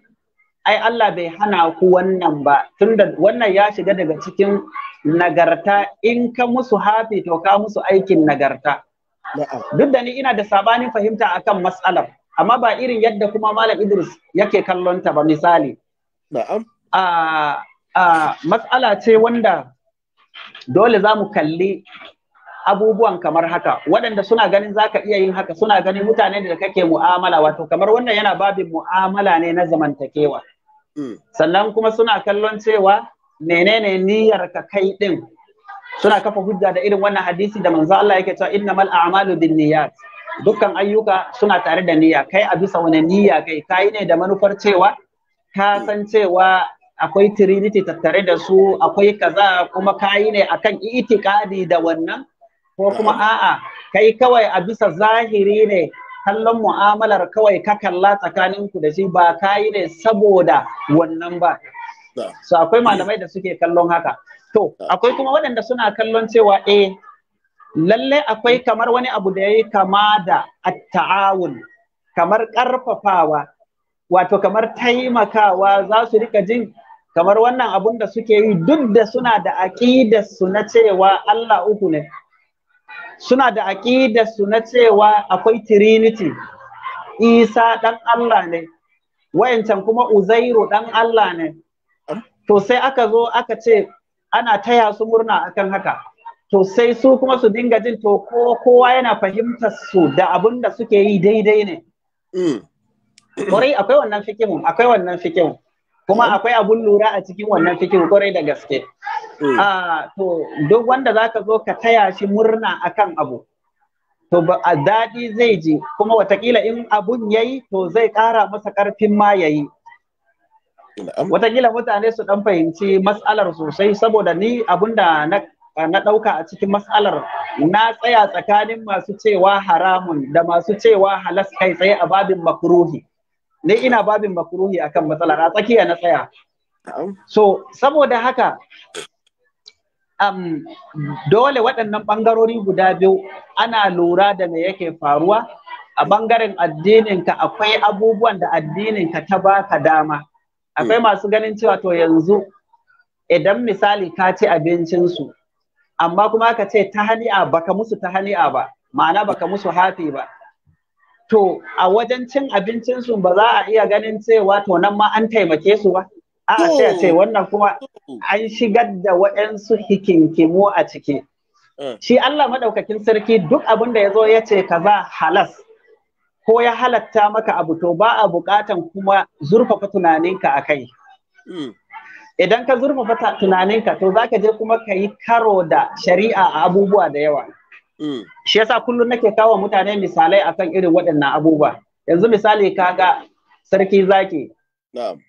ai Allah bai hana ku wannan ba tunda wannan ya shiga daga cikin nagarta in ka musu hafi to ka musu aikin nagarta duk da ni ina da sabanin fahimta akan matsalar amma ba irin yadda kuma malam Idris yake kallonta ba misali a a matsala ce wanda dole za mu kalli abubuwan kamar haka waɗanda suna ganin za ka iya yin haka suna ganin mutane da kake mu'amala wato kamar wannan yana babin mu'amala ne na zamantakewa sannan kuma suna kallon cewa menene niyyar ka kai din suna kafa hujja da irin wannan hadisi da manzo Allah yake cewa innamal a'malu niyyat dukkan ayyuka suna tare da niyya kai a bisa wani niyya kai kai ne da manufar cewa ka san cewa akwai trinity tattare da su akwai kaza kuma kai ne akan itikadi da wannan ko kuma a'a kai kawai a bisa zahiri ne kallon mu'amalar kawai ka kalla tsakaninku da shi ba ka yi ne saboda wannan ba so akwai malamai da suke kallon haka to akwai kuma waɗanda suna kallon cewa eh lalle akwai kamar wani abu da yayi kama da atta'awun kamar ƙarfafawa wato kamar taimakawa za su rika jin kamar wannan abun da suke yi duk da suna da aƙidar su na cewa Allah uku ne suna da aƙidarsu su na cewa akwai trinity isa ɗan Allah ne wayancan kuma uzairu ɗan Allah ne ah. to sai aka zo aka ce ana taya su murna akan haka to sai su kuma su dinga jin to ko kowa yana fahimtar su da abin da suke yi daidai ne mm. kwarai akwai wannan fikihun akwai wannan fikihun kuma ah. akwai abun lura a cikin wannan fikihun kwarai da gaske Eh. Ah, to duk wanda za ka zo ka taya shi murna akan abu to a daɗi zai ji kuma watakila in abun yayi to zai ƙara masa ƙarfin ma yayi watakila mutane su ɗan fahimci mas'alar sosai saboda ni abun da na ɗauka a cikin mas'alar na tsaya tsakanin masu cewa haramun da masu cewa halas kai tsaye a babin makruhi ni ina babin makruhi akan matsalar a tsakiya na tsaya so saboda haka um, dole waɗannan ɓangarori guda biyu ana lura da me yake faruwa a ɓangaren addininka akwai abubuwan da addininka ta baka dama akwai hmm. masu ganin cewa to yanzu idan misali ka ci abincinsu amma kuma ka ce ta hani'a baka musu ta hani'a ba ma'ana baka musu hafi ba to a wajen cin abincinsu ba za a iya ganin cewa to nan ma an taimake su ba a sai a ce wannan kuma an shigar da waɗansu hikinkimu a ciki eh. shi Allah maɗaukakin sarki duk abin da ya zo ya ce ka za halas ko ya halatta maka abu to ba a buƙatan kuma zurfafa tunaninka a kai hmm. idan ka zurfafa tunaninka to za ka je kuma ka yi karo da shari'a a abubuwa da yawa hmm. shi yasa kullum nake kawo mutane misalai akan irin waɗannan abubuwa yanzu misali kaga sarki zaki na'am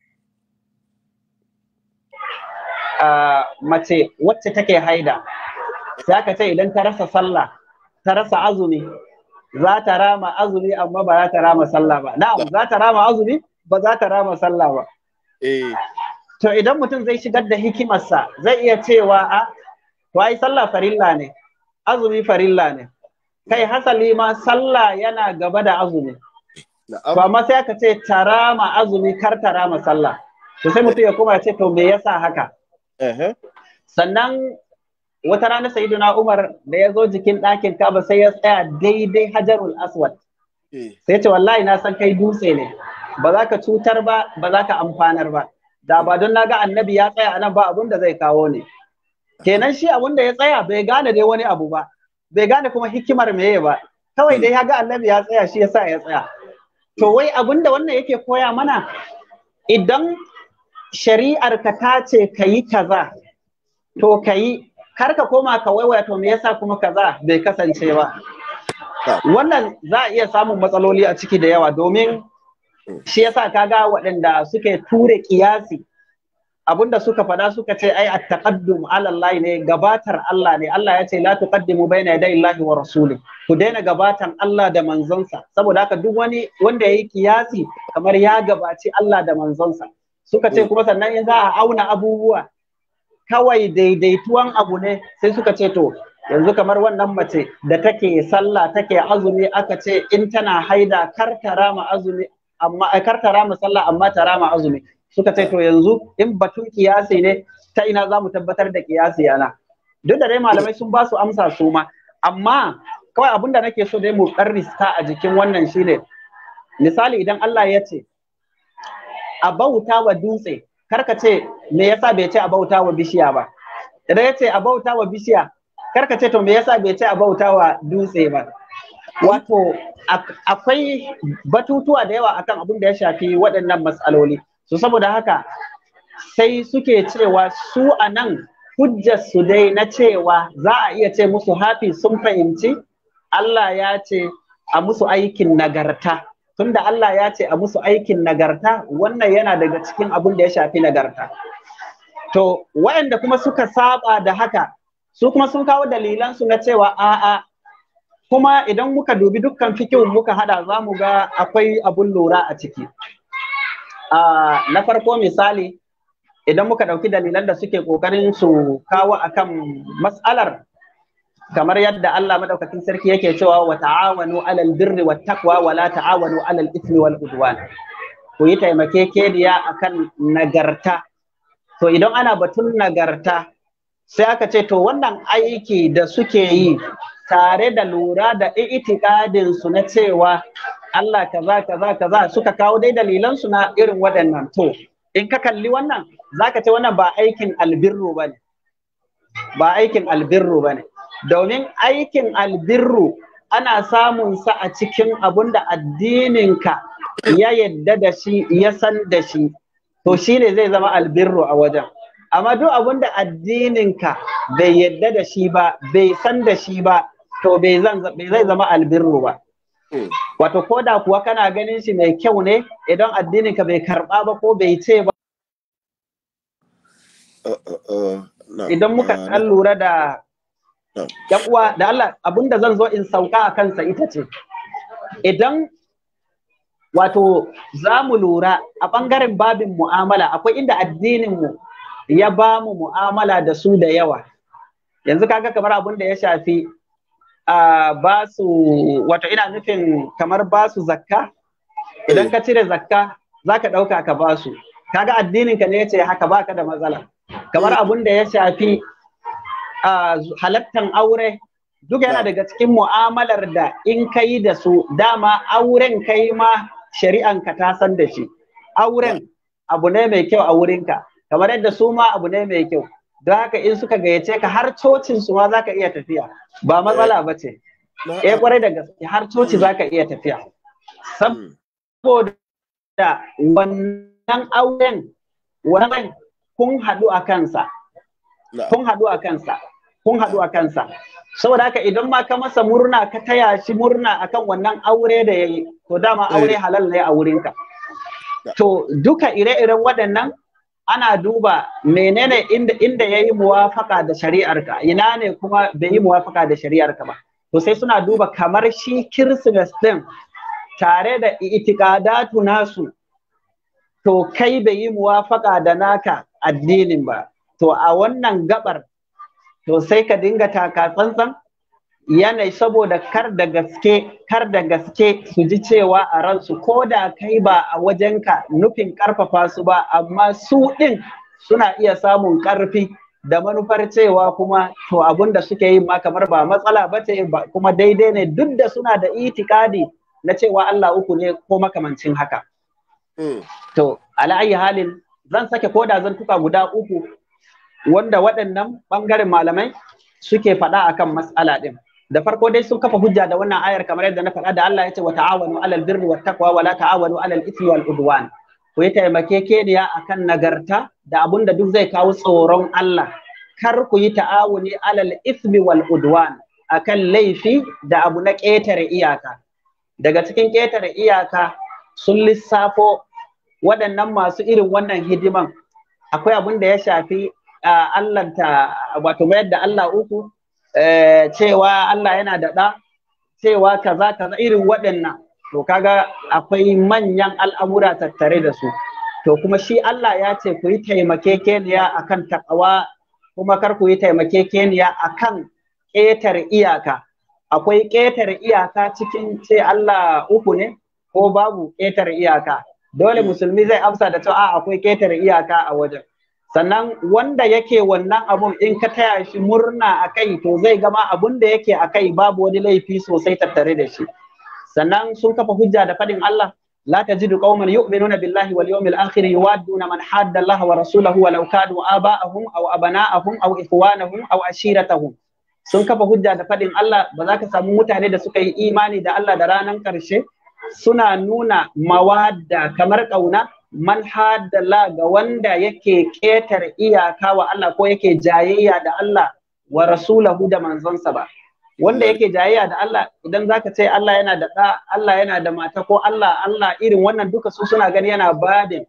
mace wacce take haida sai aka ce idan ta rasa sallah ta rasa azumi za ta rama azumi amma ba za ta rama sallah ba na'am za ta rama azumi ba za ta rama sallah ba eh. to idan mutum zai shigar da hikimarsa zai iya cewa a to ai sallah farilla ne azumi farilla ne kai hasali ma sallah yana gaba da azumi to amma sai aka ce tarama azumi kar tarama sallah to sai mutum ya koma ya ce to me yasa haka sannan wata rana sayyiduna Umar da ya zo jikin ɗakin Kaba sai ya tsaya daidai Hajarul Aswad eh. sai ce wallahi na san kai dutse ne ba za ka cutar ba ba za ka amfanar ba da ba don na ga annabi ya tsaya anan ba abun da zai kawo ne kenan shi abun da ya tsaya bai gane dai wani abu ba bai gane kuma hikimar meye ba kawai dai ya ga annabi ya tsaya shi ya sa ya tsaya to wai abun da wannan yake koya mana idan shari'ar ka ta ce ka yi kaza to ka yi kar ka koma ka waiwaya to me yasa kuma kaza bai kasance ba wannan za a iya samun matsaloli a ciki da yawa domin shi yasa kaga waɗanda suke ture kiyasi abinda suka faɗa suka ce ai at-taqaddum ala Allah ne gabatar Allah ne Allah ya ce la tuqaddimu baina yaday Allah wa rasuli ku daina gabatar Allah da manzonsa saboda haka duk wani wanda yayi kiyasi kamar ya gabaci Allah da manzonsa suka ce mm. kuma sannan in za a auna abubuwa kawai daidaituwan abu ne sai suka ce to yanzu kamar wannan mace da take sallah take azumi aka ce in tana haida kar ta rama azumi amma eh, kar ta rama sallah amma ta rama azumi suka ce to yanzu in batun kiyasi ne ta ina za mu tabbatar da kiyasi ana duk da dai malamai sun ba su amsa su ma amma kawai abin da nake so dai mu karrista a jikin wannan shine misali idan Allah ya ce a bauta wa dutse kar ka ce me yasa bai ce a bauta wa bishiya ba idan ya ce a bauta wa bishiya kar ka ce to me yasa bai ce a bauta wa dutse ba wato akwai batutuwa da yawa akan abin da ya shafi waɗannan matsaloli so saboda haka sai suke cewa su a nan su dai na cewa za a iya ce musu hafi sun fahimci Allah ya ce a musu aikin nagarta tunda Allah ya ce a musu aikin nagarta wannan yana daga cikin abun da ya shafi nagarta to waɗanda kuma suka saba da haka su kuma sun kawo dalilan su na cewa a'a kuma idan muka dubi dukkan fikihun muka hada za mu ga akwai abun lura a ciki na farko misali idan muka ɗauki dalilan da suke ƙoƙarin su kawo akan matsalar. kamar yadda Allah madaukakin sarki yake cewa wa ta'awanu alal birri wat taqwa wa la ta'awanu alal ithmi wal udwan ku yi taimakekeniya akan nagarta to idan ana batun nagarta sai aka ce to wannan aiki da suke yi tare da lura da itikadin su na cewa Allah kaza kaza kaza suka kawo dai dalilan su na irin waɗannan to in ka kalli wannan zaka ce wannan ba aikin albirru bane ba aikin albirru bane domin aikin albirru ana samun sa a cikin abun da addininka ya yadda da shi ya san da shi to shine zai zama albirru a wajen amma duk abun da addininka bai yadda da shi ba bai san da shi ba to bai zai zama albirru ba wato ko da kuwa kana ganin shi mai kyau ne idan addininka bai karba ba ko bai ce ba uh, uh, uh, idan muka ɗan lura da Yan uwa da Allah abinda zan zo in sauka a kansa ita ce idan wato za mu lura a ɓangaren babin mu'amala akwai inda addininmu ya ba mu mu'amala da su da yawa yanzu kaga kamar abinda ya shafi a ba su wato ina nufin kamar ba su zakka idan ka cire zakka za ka ɗauka ka ba su kaga ka ne ya ce haka baka da matsala kamar eh. abunda ya shafi halattan aure duk yana daga cikin mu'amalar da in ka yi da su dama auren kai ma shari'an ka ta san da shi auren abu ne mai kyau a wurinka kamar yadda su ma abu ne mai kyau don haka in suka gayyace ka har cocin su ma za ka iya tafiya ba matsala ba ce E, kwarai eh, da gaske har coci za ka iya tafiya mm. saboda wannan auren wannan kun haɗu a kansa kun haɗu a kansa kun haɗu a kansa saboda haka idan ma ka masa murna ka taya shi murna akan wannan aure da ya yi to dama eh. aure halal ne a wurinka to duka ire-iren waɗannan ana duba menene inda inda yayi muwafaka da shari'arka ina ne kuma bai yi muwafaka da shari'arka ba to sai suna duba kamar shi kirsimas din tare da itikadatu nasu to kai bai yi muwafaka da naka addinin ba to a wannan gabar to sai ka dinga taka tsantsan yanayi saboda kar da gaske kar da gaske su ji cewa a ransu ko da kai ba a wajenka nufin karfafa su ba amma su ɗin suna iya samun karfi da manufar cewa kuma to abun da suke yi ma kamar ba matsala ba ce kuma daidai ne duk da suna da itikadi na cewa Allah uku ne ko makamancin haka. Hmm. To, ala'ayi halin zan sake koda zan tuka guda uku wanda waɗannan ɓangaren malamai suke faɗa akan mas'ala ɗin da farko dai sun kafa hujja da wannan ayar kamar yadda na faɗa da Allah ya ce wa ta'awanu alal birri wa taqwa wa la ta'awanu alal ithmi wal udwan ku yi taimake keniya akan nagarta da abun da duk zai kawo tsoron Allah kar ku yi ta'awuni alal ithmi wal udwan akan laifi da abu na ƙetare iyaka daga cikin ƙetare iyaka sun lissafo waɗannan masu irin wannan hidiman akwai abun da ya shafi allanta wato mayar da Allah uku eh, cewa Allah yana da ɗa cewa kaza kaza irin waɗannan to kaga akwai manyan al'amura tattare da su to kuma shi Allah ya ce ku yi taimakekeniya akan takawa kuma kar ku yi taimakekeniya akan ƙetar iyaka akwai ƙetar iyaka cikin ce Allah uku ne ko babu ƙetar iyaka dole musulmi zai amsa da cewa akwai ƙetar iyaka a wajen sannan wanda yake wannan abun in ka taya shi murna a kai to zai gama abun da yake a kai babu wani laifi sosai tattare da shi sannan sun kafa hujja da fadin Allah لا تجد قوما يؤمنون بالله واليوم الآخر يوادون من حاد الله ورسوله ولو كانوا آباءهم أو أبناءهم أو إخوانهم أو عشيرتهم sun kafa hujja da faɗin Allah ba za ka samu mutane da suka yi imani da Allah da ranar ƙarshe suna nuna mawadda kamar ƙauna man ga wanda yake ketar iyaka wa Allah ko yake jayayya da Allah wa rasulahu da manzonsa ba wanda yake jayayya da Allah idan zaka ce Allah yana da da Allah yana da mata ko Allah Allah irin wannan duka su suna gani yana badin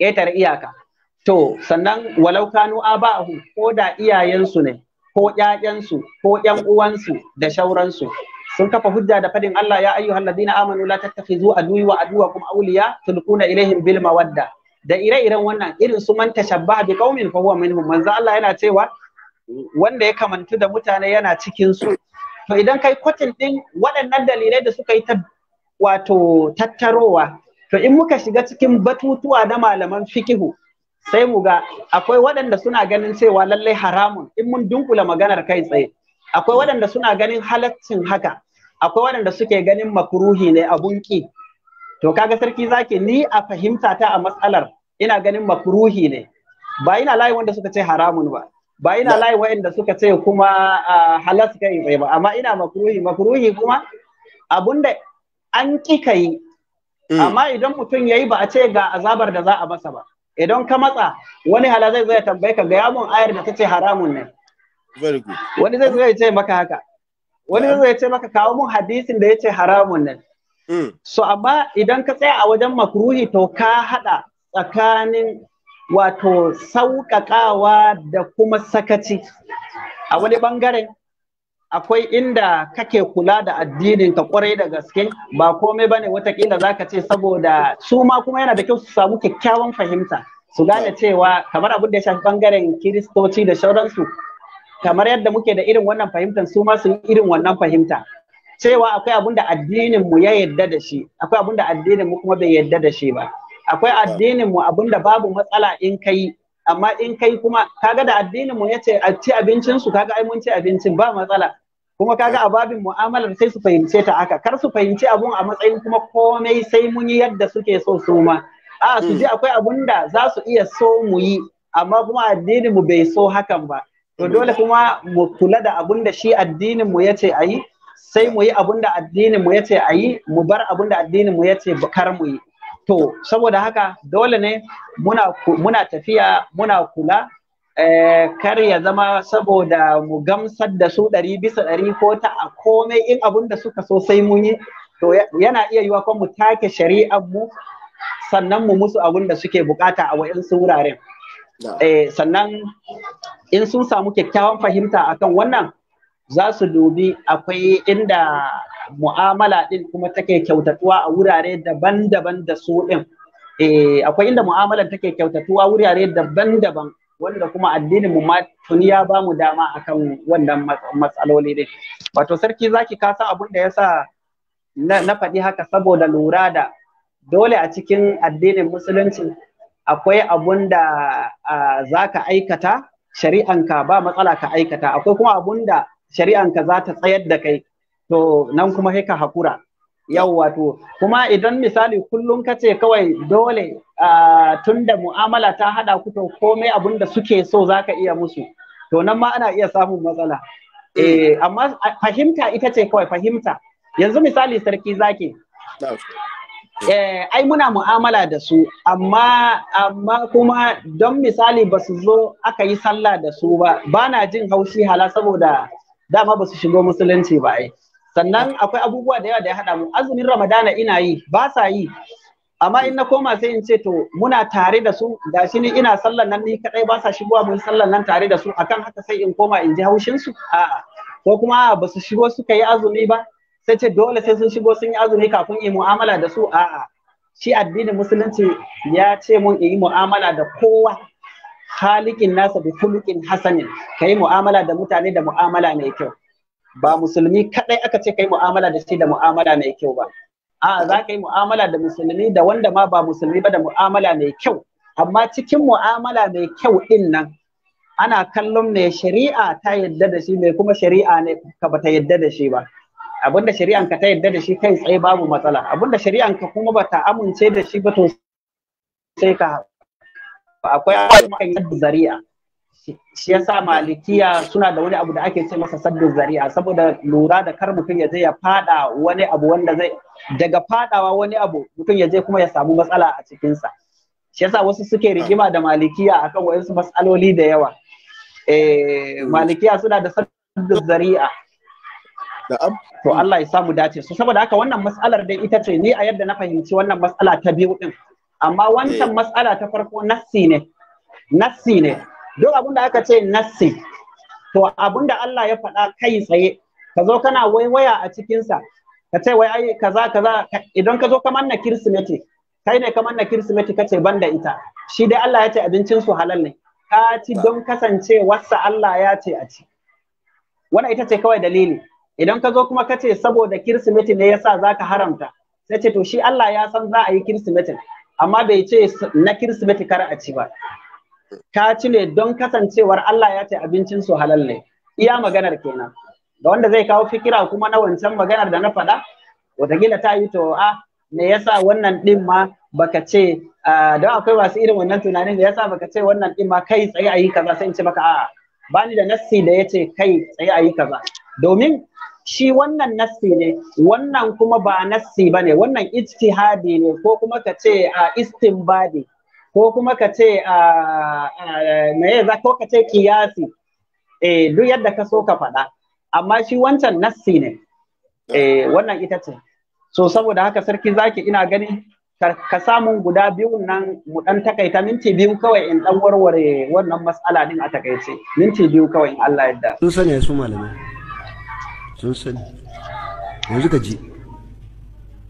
ketar iyaka to sannan walau kanu abahu ko da iyayensu ne ko ƴaƴansu ko ƴan uwansu da shauransu sun kafa hujja da fadin Allah ya ayyuhal ladina amanu la tattakhizu aduwi wa aduwakum awliya tulquna ilaihim bil mawadda da ire-iren wannan irin su man tashabba bi qaumin fa huwa minhum manzo Allah yana cewa wanda ya kamantu da mutane yana cikin su to idan kai kwatin din waɗannan dalilai da suka yi ta wato tattarowa to in muka shiga cikin batutuwa na malaman fikihu sai mu ga akwai waɗanda suna ganin cewa lallai haramun in mun dunkula maganar kai tsaye akwai waɗanda suna ganin halaccin haka akwai waɗanda suke ganin makruhi ne abun ki to kaga sarki zaki ni a fahimta ta a matsalar ina ganin makruhi ne ba ina layi wanda suka ce haramun ba ba ina layi wanda suka ce kuma halas kai yi ba amma ina makruhi makruhi kuma abunda an ki kai mm. amma idan mutum yayi ba a ce ga azabar da za a masa ba idan ka matsa wani hala zai zo ya tambaye ka ga yamun ayar da ta ce haramun ne wani zai zo ya ce maka haka wani zai ya ce maka kawo mun hadisin da ya ce haramun nan mm. so amma idan ka tsaya a wajen makruhi to ka haɗa tsakanin wato sauƙaƙawa da kuma sakaci a wani bangaren akwai inda kake kula da addinin ka kwarai da gaske ba komai ba ne watakila ka ce saboda su ma kuma yana da kyau su samu kyakkyawan fahimta su gane cewa kamar abin da ya shafi bangaren kiristoci da sauransu kamar yadda muke da irin wannan fahimtar su ma su irin wannan fahimta cewa akwai abin da addinin mu ya yadda da shi akwai abin da addinin mu kuma bai yadda da shi ba akwai addinin mu abin babu matsala in kai amma in kai kuma kaga da addinin mu yace a ci abincin su kaga ai mun ci abincin ba matsala kuma kaga a babin mu'amalar sai su fahimce ta haka kar su fahimci abun a matsayin kuma komai sai mun yi yadda suke so su ma a su hmm. ji akwai abun da za su iya so mu yi amma kuma addinin mu bai so hakan ba to dole kuma mu kula da abun da shi addinin mu yace a yi sai mu yi abun da addinin mu yace a yi mu bar abun da addinin mu yace kar mu yi to saboda haka dole ne muna muna tafiya muna kula eh, kar ya zama saboda mu gamsar da su ɗari bisa ɗari ko ta a komai in abun da suka so sai mun yi to yana iya yiwa kuma mu take shari'ar mu sannan mu musu abun da suke bukata a wa'insu wuraren. Eh, sannan in sun samu kyakkyawan fahimta akan wannan za su dubi akwai inda mu'amala din kuma take kyautatuwa a wurare daban-daban da su din. Eh, akwai inda mu'amalar take kyautatuwa wurare daban-daban wanda kuma addinin mu ma tuni ya bamu dama akan wannan matsaloli din. Wato sarki zaki ka san abin da yasa na faɗi haka saboda lura da dole a cikin addinin musulunci akwai abun da za ka aikata shari'anka ba matsala ka aikata akwai kuma abun da shari'anka za ta tsayar da kai to nan kuma sai ka hakura yau wato kuma idan misali kullum ka ce kawai dole tun da mu'amala ta haɗa ku to komai abun da suke so za ka iya musu to nan ma ana iya samun matsala e amma fahimta ita ce kawai fahimta yanzu misali sarki zaki Eh, ai muna mu'amala da su amma amma kuma don misali ba su zo aka yi sallah da su ba ba na jin haushi hala saboda dama ba su shigo musulunci ba ai sannan akwai abubuwa da yawa da ya haɗa mu azumin ramadana ina yi ba sa yi amma in na koma sai in ce to muna tare da su ga shi ni ina sallan nan ni kadai ba sa shigowa mun sallan nan tare da su akan haka sai in koma in ji haushin su a'a ko kuma ba su shigo suka yi azumi ba sai ce dole sai sun shigo sun yi azumi kafin yi mu'amala da su a'a shi addinin musulunci ya ce mun yi mu'amala da kowa halikin nasa da fulukin hasanin ka yi mu'amala da mutane da mu'amala mai kyau ba musulmi kadai aka ce ka yi mu'amala da shi da mu'amala mai kyau ba a za ka yi mu'amala da musulmi da wanda ma ba musulmi ba da mu'amala mai kyau amma cikin mu'amala mai kyau din nan ana kallon mai shari'a ta yadda da shi mai kuma shari'a ne ka ta yadda da shi ba abinda shari'an ka ta yadda da shi kai tsaye babu matsala abinda shari'an ka kuma ba ta amince da shi ba to sai ka akwai abubuwan zari'a shi yasa malikiya suna da wani abu da ake ce masa sabbin zari'a saboda lura da kar mutum ya je ya fada wani abu wanda zai daga fadawa wani abu mutum ya je kuma ya samu matsala a cikinsa shi yasa wasu suke rigima da malikiya akan wasu matsaloli da yawa eh malikiya suna da sabbin zari'a To Allah ya samu dace. So saboda haka wannan mas'alar dai ita ce ni a yadda na fahimci wannan mas'ala ta biyu din. Amma wancan eh. mas'ala ta farko nassi ne. Nassi ne. Duk abin da aka ce nassi. To abin Allah ya faɗa kai tsaye ka zo kana waiwaya a cikinsa ka ce wai ai kaza kaza idan ka zo ka manna kirsimeti kai ne ka manna kirsimeti ka ce banda ita shi dai Allah ya ce abincin su halal ne ka ci don kasancewarsa Allah ya ce a ci wannan ita ce kawai dalili idan ka zo kuma ka ce saboda kirsimeti ne yasa za ka haramta sai ce to shi Allah ya san za a yi kirsimetin amma bai ce na kirsimeti kar a ci ba ka ci ne don kasancewar Allah ya ce abincin su halal ne iya maganar kenan da wanda zai kawo fikira kuma na wancan maganar da na faɗa wataƙila ta yi to a ah, me yasa wannan ɗin ma baka ce don akwai masu irin wannan tunanin da yasa baka ce wannan ɗin ma kai tsaye a yi kaza sai in ce maka a'a bani da nassi da ya ce kai tsaye a yi kaza domin shi wannan nassi ne wannan kuma ba nassi bane wannan ijtihadi ne ko kuma ka ce a istinbadi ko kuma ka ce a me za ko ka ce kiyasi eh duk yadda ka so ka faɗa amma shi wancan nassi ne eh wannan ita ce so saboda haka sarki zaki ina gani ka samu guda biyun nan mu dan takaita minti biyu kawai in dan warware wannan mas'ala din a takaice minti biyu kawai in Allah yadda sun sani su malamai sun sani yanzu ka ji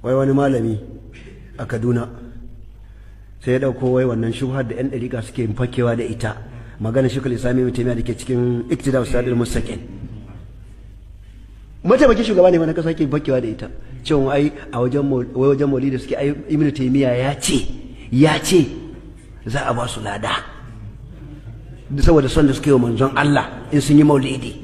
wai wani malami a kaduna sai ya ɗauko wai wannan shubhar da 'yan ɗariƙa suke fakewa da ita magana shekul islami mutumiya da ke cikin iktidar sadar musakin mataimakin shugaba ne mana kasa ke fakewa da ita cewa ai a wajen wajen da suke ai ibnu taymiya ya ce ya ce za a ba su lada saboda son da suke wa manzon Allah in sun yi maulidi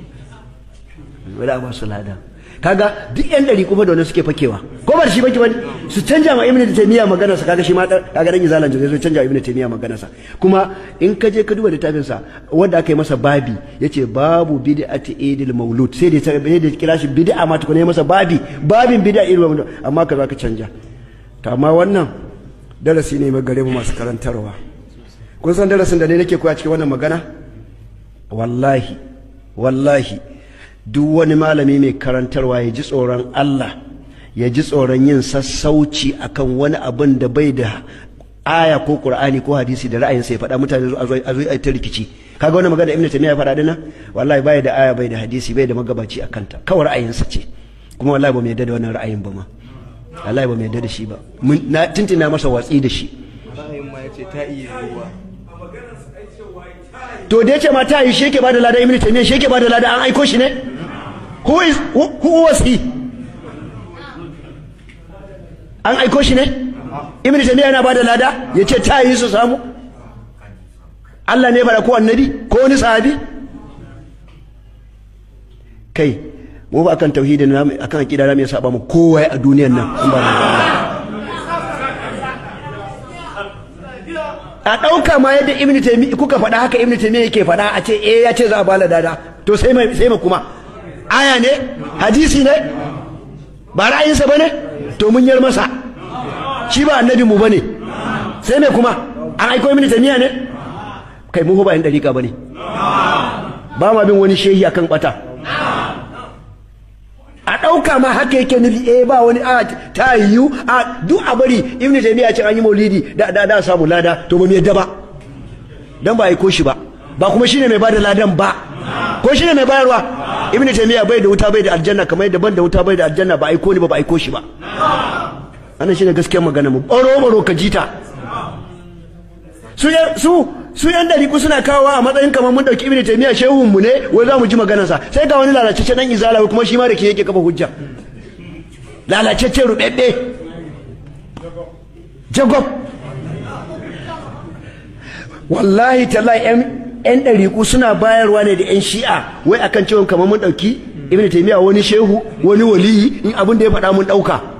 wala ba su lada kaga duk yan dari kuma da wani suke fakewa ko ba shi baki bane su canja ma ibnu taymiya magana sa kaga shi ma kaga dan izalan zai canja ibnu taymiya magana sa kuma in ka je ka duba littafin sa wanda aka yi masa babi yace babu bid'ati idil maulud sai dai sai dai kira shi bid'a ma tukuna masa babi babin bid'a idil maulud amma kaza ka canja to amma wannan darasi ne ma gare mu masu karantarwa kun san darasin da ne nake koya cikin wannan magana wallahi wallahi duk wani malami mai karantarwa ya ji tsoron Allah ya ji tsoron yin sassauci akan wani abin da bai da aya ko qur'ani ko hadisi da ra'ayinsa ya faɗa mutane a zo a ta rikici kaga wani magana ibnu tamiya ya faɗa dinnan wallahi bai da aya bai da hadisi bai da magabaci akan ta kawai ra'ayinsa ce kuma wallahi ba mu yadda da wannan ra'ayin ba ma wallahi ba mu yadda da shi ba na masa watsi da shi ra'ayin ma yace ta iya to da yake mata yi shi yake bada lada ibnu taymiya shi yake bada lada an aiko shi ne who is who, who was he an aiko shi ne ibnu ne yana bada lada yace ta yi su samu Allah ne bara ko annabi ko wani sahabi kai mu ba kan tauhidin akan aqida zamu iya saba mu kowa a duniyar nan in ba a ɗauka ma yadda ibn taymi kuka faɗa haka ibn taymi yake faɗa a ce eh ya ce za a bala dada to sai mai sai kuma aya ne hadisi ne ba ra'ayinsa bane to mun yar masa shi ba annabi mu bane sai mai kuma an aiko ibn miya ne kai mu ba yan dariƙa bane ba ma bin wani shehi akan bata a ɗauka ma haka yake nufi eh ba wani a ta yiwu a duk a bari ibn taymiya ce an yi maulidi da da da samu lada to ba mu yadda ba dan ba yi shi ba ba kuma shine mai bada ladan ba ko shine mai bayarwa ibn taymiya bai da wuta bai da aljanna kamar yadda ban da wuta bai da aljanna ba aiko ni ba ba aiko shi ba anan shine gaskiyar magana mu baro baro ka jita su su su yan ku suna kawowa a matsayin kamar mun dauki ibnu taymiya shehun mu ne wai zamu ji maganar sa sai ga wani lalacece dan izala kuma shi ma da ke yake kafa hujja lalacecen rubebbe jagob wallahi tallahi yan ku suna bayarwa ne da yan shi'a wai akan cewa kamar mun ɗauki ibnu taymiya wani shehu wani waliyi in abin da ya faɗa mun ɗauka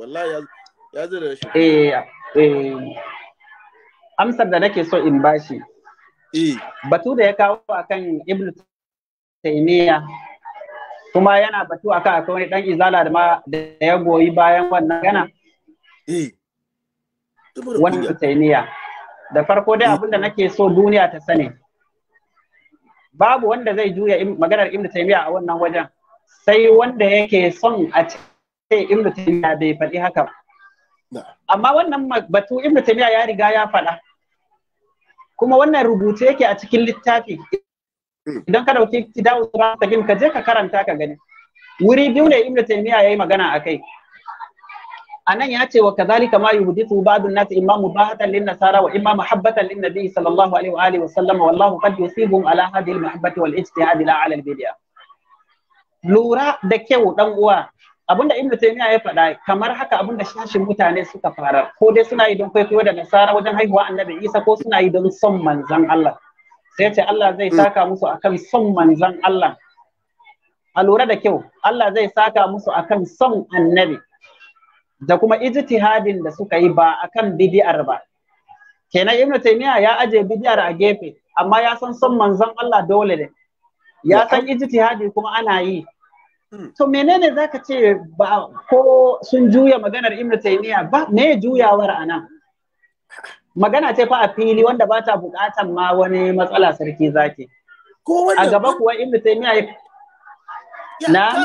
wallahi ya zira eh, eh amsar da nake so in bashi eh batu da ya kawo akan ibn taymiya kuma yana batu akan akwai wani dan izala da ma da ya goyi bayan wannan gana eh wannan taymiya da farko dai eh. abinda nake so duniya ta sani babu wanda zai juya maganar ibn taymiya a wannan wajen sai wanda yake son a ibn taymiya bai faɗi haka amma wannan batu ibn taymiya ya riga ya faɗa kuma wannan rubuce yake a cikin littafi hmm. idan ka dauki tidawu mustaqim ka je ka karanta ka gani wuri biyu ne ibnu taymiya yayi magana akai anan ya ce wa kazalika ma yuhdithu ba'd an-nas imma mubahatan lin nasara wa imma mahabbatan lin nabi sallallahu alaihi wa alihi wa sallam wallahu qad yusibuhum ala hadhihi al-mahabbati wal ijtihad ila ala al-bid'ah lura da kyau dan uwa abinda ibnu taymiya ya faɗa kamar haka abinda shashin mutane suka fara ko dai suna yi don kwaikwayo da nasara wajen haihuwa annabi isa ko suna yi don son manzan allah sai ce allah zai hmm. saka musu akan son manzan allah a lura da kyau allah zai saka musu akan son annabi da kuma ijtihadin da suka yi ba akan bid'ar ba kenan ibnu taymiya ya aje bid'ar a gefe amma ya san son manzan allah dole ne ya san ijtihadi kuma ana yi Hmm. To menene zaka ce ba ko sun juya maganar Ibn Taymiyyah ba me juyawar anan? Magana ce fa a fili wanda ba ta bukatan ma wani matsala sarki zaki. A gaba kuwa Ibn ya na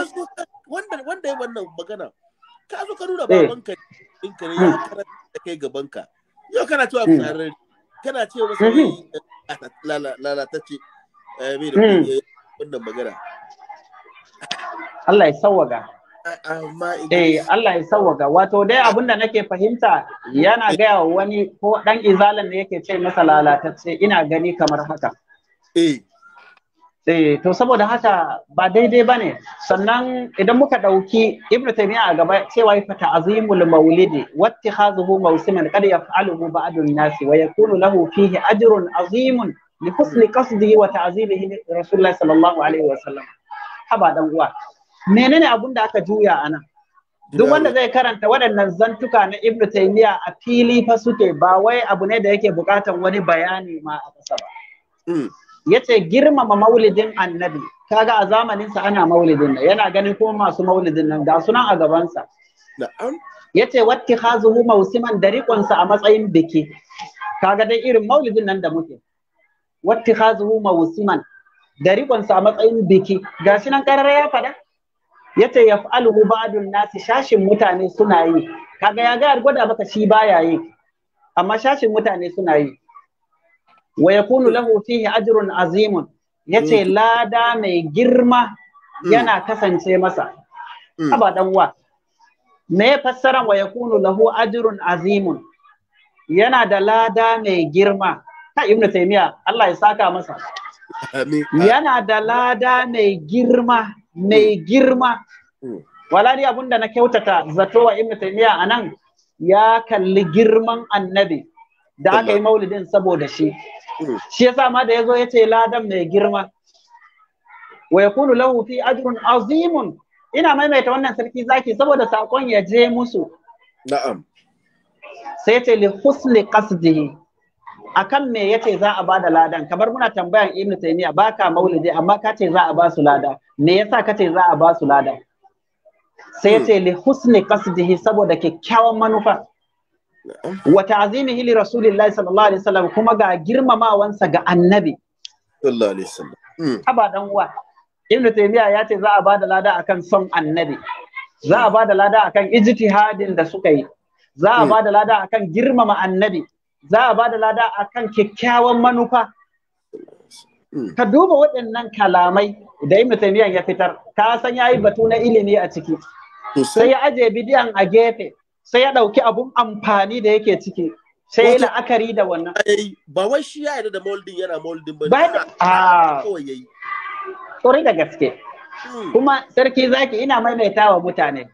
wanda wanda ya wannan magana ka zo ka nuna eh. babanka ka ne ya hmm. karanta da kai gabanka yau kana cewa fitsararri hmm. kana cewa wasu lalatacce eh, me da wannan magana Allah ya sawwaga Eh Allah ya sawwaga wato dai abinda nake fahimta yana gaya wani ko dan izalan ne yake ce masa lalatacce ina gani kamar haka. Eh. eh to saboda haka ba daidai bane sannan idan muka dauki Ibn Taymiya a gaba cewa fata azimul maulidi wattikhadhuhu mawsiman qad yaf'aluhu ba'du an-nasi wa yakunu lahu fihi ajrun azimun li husni qasdihi wa ta'zimihi rasulullah sallallahu alaihi wa sallam. ba dan uwa menene abun da aka juya a nan duk wanda zai karanta waɗannan zantuka na ibn taymiya a fili fa suke ba wai abu ne da yake buƙatan wani bayani ma a ƙasa ba mm. yace girmama maulidin annabi kaga a zamanin sa ana maulidin nan yana ganin kuma masu maulidin nan ga sunan a gaban sa yace watti khazuhu mausiman dariqan sa a matsayin biki kaga dai irin maulidin nan da muke watti khazuhu mausiman da rikonsa a matsayin biki ga shi nan karara ya faɗa ya ce ya fa'alu ba'adun nasi shashin mutane suna yi kaga ya ga gwada maka shi baya yi amma shashin mutane suna yi wa yakunu lahu fihi ajrun azimun yace mm. lada mai girma mm. yana kasance masa mm. haba dan uwa me fassara wa yakunu lahu ajrun azimun yana da lada mai girma ta ibnu taymiya Allah ya saka masa yana da lada mai girma mai mm. girma mm. wala abun da na kyautata zato wa ibnu taymiya anan ya kalli girman annabi da aka yi maulidin saboda shi mm. shi yasa ma da yazo yace ladan mai girma wa yakunu lahu fi ajrun azimun ina maimaita wannan sarki zaki saboda sakon ya je musu na'am sai yace li husni qasdihi akan me yace za a bada ladan kamar muna tambayan ibn Taymiyyah baka maulidi amma ka ce za a ba su lada me yasa ka ce za a ba su lada sai yace hmm. li husni qasdihi saboda kyakkyawan manufa wa ta'zimihi li rasulillahi sallallahu alaihi wasallam kuma ga girmamawansa ga annabi sallallahu alaihi wasallam hmm. aba dan wa ibn Taymiyyah ya ce za a bada lada akan son annabi za a bada lada akan ijtihadin da suka yi za a hmm. bada lada akan girmama annabi za a bada lada akan kyakkyawan manufa hmm. ka duba waɗannan kalamai da yi Taymiyyah ya fitar ka san ya yi batu na ilimi a ciki sai ya aje bidiyan a gefe sai ya ɗauki abun amfani da yake ciki sai ya la'akari da wannan ba wai shi ya yarda da moldin yana moldin ba a ah. kawai da gaske hmm. kuma sarki zaki ina maimaita wa mutane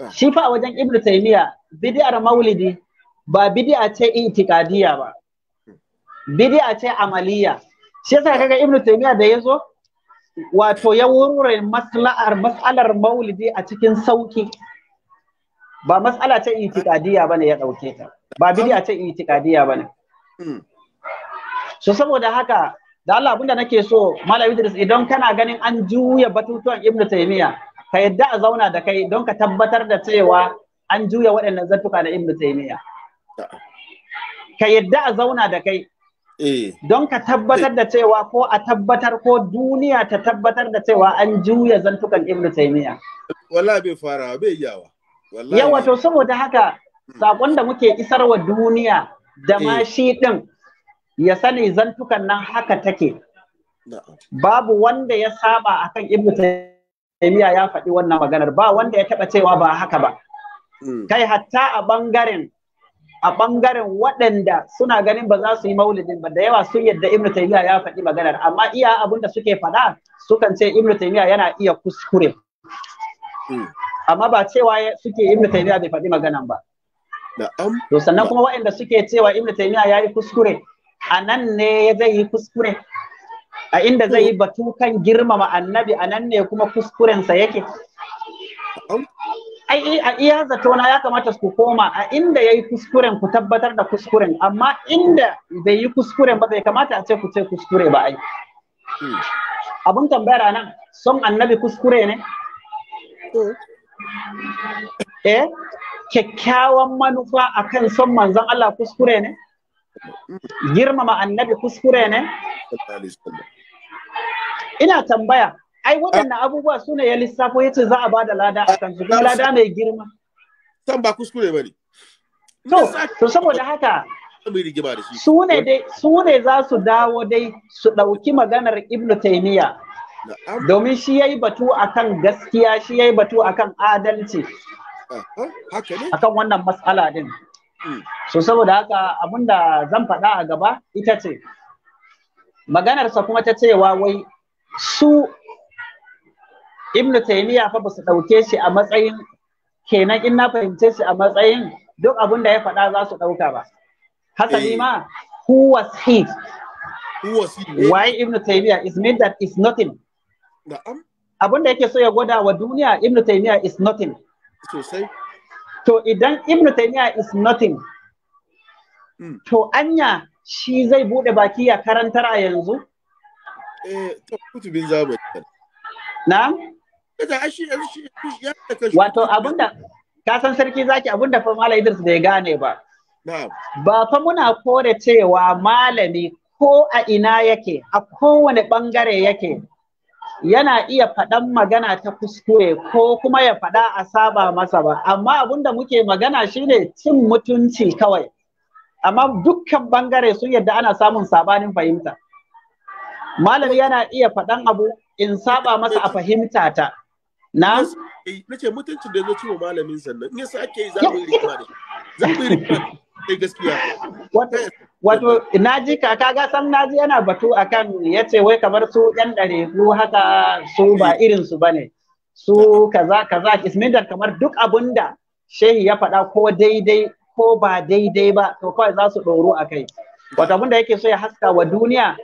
ah. shi fa a wajen Ibn Taymiyyah bidiyar maulidi ba bid'a ce itikadiyya ba bid'a ce amaliya shi yasa kaga ibnu taymiya da yazo wato ya wurure mas'alar mas'alar maulidi a cikin sauki ba mas'ala ce itikadiyya bane ya dauke ta ba bid'a ce itikadiyya bane hmm. so saboda haka da Allah abinda nake so Malam Idris idan kana ganin an juya batutuwan Ibn taymiya ka yadda a zauna da kai don ka tabbatar da cewa an juya waɗannan zantuka na Ibn taymiya ka yadda a zauna da kai eh. don ka tabbatar eh. da cewa ko a tabbatar ko duniya ta tabbatar da cewa an juya zantukan ibnu taymiya wallahi bai fara bai yawa yawa to saboda haka hmm. sakon da muke isar wa duniya da ma eh. shi din ya sani zantukan nan haka take babu wanda ya saba akan ibnu taymiya ya faɗi wannan maganar ba wanda ya taɓa cewa ba haka ba hmm. kai hatta a ɓangaren. a ɓangaren waɗanda suna ganin ba za su yi maulidin ba da yawa sun yadda ibnu taymiya ya faɗi maganar amma iya abin da suke faɗa sukan ce ibnu taymiya yana iya kuskure amma ba cewa suke ibnu taymiya bai faɗi maganan ba to sannan kuma waɗanda suke cewa ibnu taymiya ya yi kuskure a nan ne zai yi kuskure a inda zai yi batu kan girmama annabi a nan ne kuma kuskurensa yake ai eh, a iya zatona ya kamata ku koma a inda ya yi kuskuren ku tabbatar da kuskuren amma inda bai yi kuskuren ba bai kamata a ce ku ce kuskure ba ai hmm. abun tambayar nan son annabi kuskure ne eh, eh? kyakkyawan manufa akan son manzon Allah kuskure ne hmm. girmama annabi kuskure ne ina tambaya ai waɗannan abubuwa su ne ya lissafo ya ce za a bada lada a kan kuma lada mai girma san ba kuskure ba ne to saboda haka su ne dai su ne za su dawo dai su ɗauki maganar ibnu taymiya domin shi yayi batu akan gaskiya shi yayi batu akan adalci akan wannan matsala din hmm. so saboda haka abinda zan faɗa a gaba ita ce maganarsa kuma ta cewa wai su Ibn taymiya fa ba su dauke shi a matsayin kenan in na fahimce shi a matsayin duk abin da ya faɗa za su dauka ba ni eh. ma who was he who was he why Ibn taymiya is mean that is nothing na'am abin da yake so ya gwada wa duniya Ibn taymiya is nothing sosai to idan Ibn taymiya is nothing hmm. to anya shi zai bude baki ya karantar a yanzu eh ta kutubin zabari na'am Wato abunda ka san sarki zaki abunda fa Malam Idris bai gane ba. Ba fa muna kore cewa malami ko a ina yake a kowane bangare yake yana iya faɗan magana ta kuskure ko kuma ya faɗa a saba masa ba amma abunda muke magana shine cin mutunci kawai amma dukkan bangare sun yadda ana samun sabanin fahimta malami yana iya faɗan abu in saba masa a fahimta ta na nace eh, mutuncin da ya zo wa malamin sannan in yasa ake yi za mu yi rigima za mu yi rigima eh, gaskiya wato na ji kaka ga sam na ji yana batu akan yace wai kamar su yan dare su haka su ba eh. irin su bane su kaza kaza ismindar kamar duk abunda shehi ya faɗa ko daidai ko ba daidai ba to kawai za su ɗoro a kai wato abunda yake so ya haska wa duniya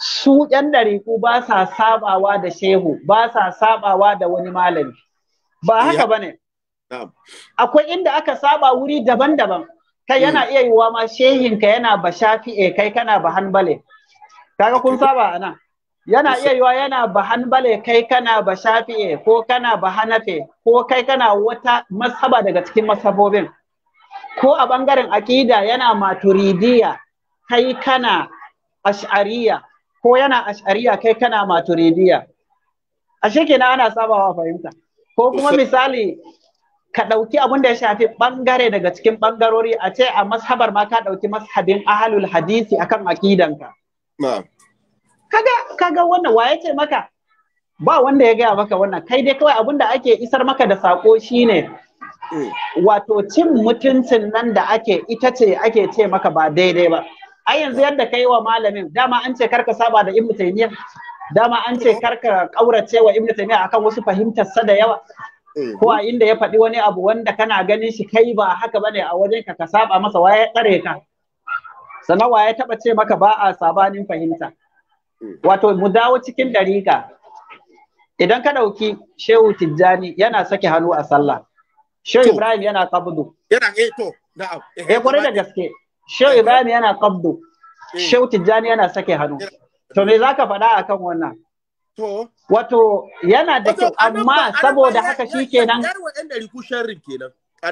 su yan ɗariku ba sa sabawa da shehu ba sa sabawa da wani malami ba haka bane akwai inda aka saba wuri daban-daban kai hmm. yana iya yiwa ma shehin ka yana ba shafi'e kai kana ba hanbale kaga kun saba anan yana iya yiwa yana ba hanbale kai kana ba shafi'e ko kana ba hanafe ko kai kana wata masaba daga cikin masabobin ko a bangaren aƙida yana maturidiya kai kana ash'ariya ko yana ash'ariya kai kana maturidiya ashe kenan ana sabawa fahimta ko kuma misali ka ɗauki abin da ya shafi ɓangare daga cikin ɓangarori a ce a mashabar ma ka ɗauki mashabin ahlul hadisi akan akidanka. Kaga kaga wannan waye ce maka ba wanda ya gaya maka wannan kai dai kawai abin da ake isar maka da sako shine mm. wato cin mutuncin nan da ake ita ce ake ce maka ba daidai ba. ai yanzu yadda kai wa malamin dama an ce karka saba da ibnu taymiya dama an ce karka kaurace wa ibnu taymiya akan wasu fahimtar sa da yawa eh. ko a inda ya faɗi wani abu wanda kana ganin shi kai ba haka bane a wajen ka ka saba masa waye tsare ka sannan waye taba ce maka ba a sabanin fahimta eh. wato mu dawo cikin dariƙa idan ka ɗauki shehu tijjani yana sake hannu a sallah shehu ibrahim yana kabudu yana eh to na'am eh, eh da gaske Shau eh, Ibrahim yana kabdo, eh. Shau Tijjani yana sake hannu. To me zaka faɗa akan wannan? To. Wato yana da kyau amma saboda haka shi kenan.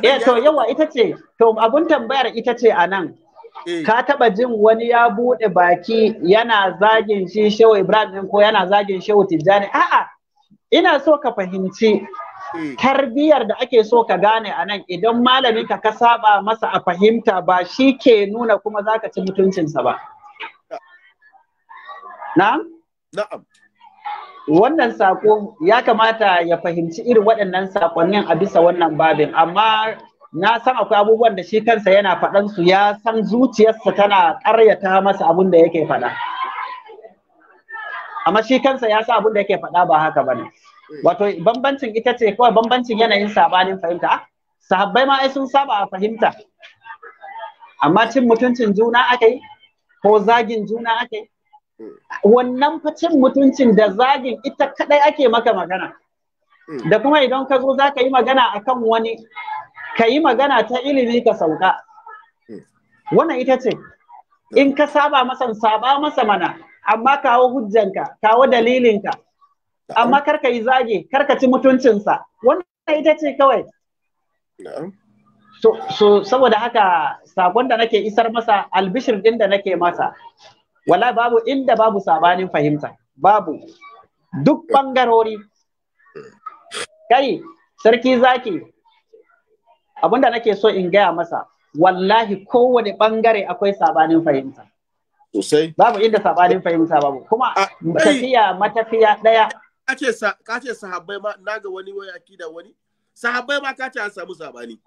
Eh to yawa ita ce, to abun tambayar ita ce a nan. Eh. Ka taɓa jin wani ya buɗe baki yana zagin shi Shau Ibrahim ko yana zagin Shau Tijjani? A'a, ina so ka fahimci Eh. tarbiyar da ake so ka gane a nan idan malamin ka ka saba masa a fahimta ba shi ke nuna kuma za ka ci mutuncinsa ba. Na'am? Na'am. Wannan sako ya kamata ya fahimci irin waɗannan sakonnin a bisa wannan babin, amma na san akwai abubuwan da shi kansa yana faɗansu ya san zuciyarsa tana ƙaryata masa abin da yake faɗa. Amma shi kansa ya san abin da yake faɗa ba haka ba ne. wato bambancin ita ce kawai bambancin yanayin sabanin fahimta sahabbai ma ai sun saba a fahimta amma cin mutuncin juna akai ko zagin juna akai wannan fa cin mutuncin da zagin ita kadai ake maka magana da kuma idan ka zo za ka yi magana akan wani ka yi magana ta ilimi ka sauka wannan ita ce in ka saba masa saba masa mana amma kawo hujjanka kawo dalilinka amma karka yi zage karka ci mutuncinsa wannan ita ce kawai so, so saboda haka sakon da nake isar masa albishir din da nake masa wala babu inda babu sabanin fahimta babu duk bangarori kai sarki zaki abinda nake so in gaya masa wallahi kowane bangare akwai sabanin fahimta babu inda sabanin fahimta babu kuma tafiya matafiya daya kace sa kace sahabbai ma naga wani wai akida wani sahabbai ma kace an samu sabani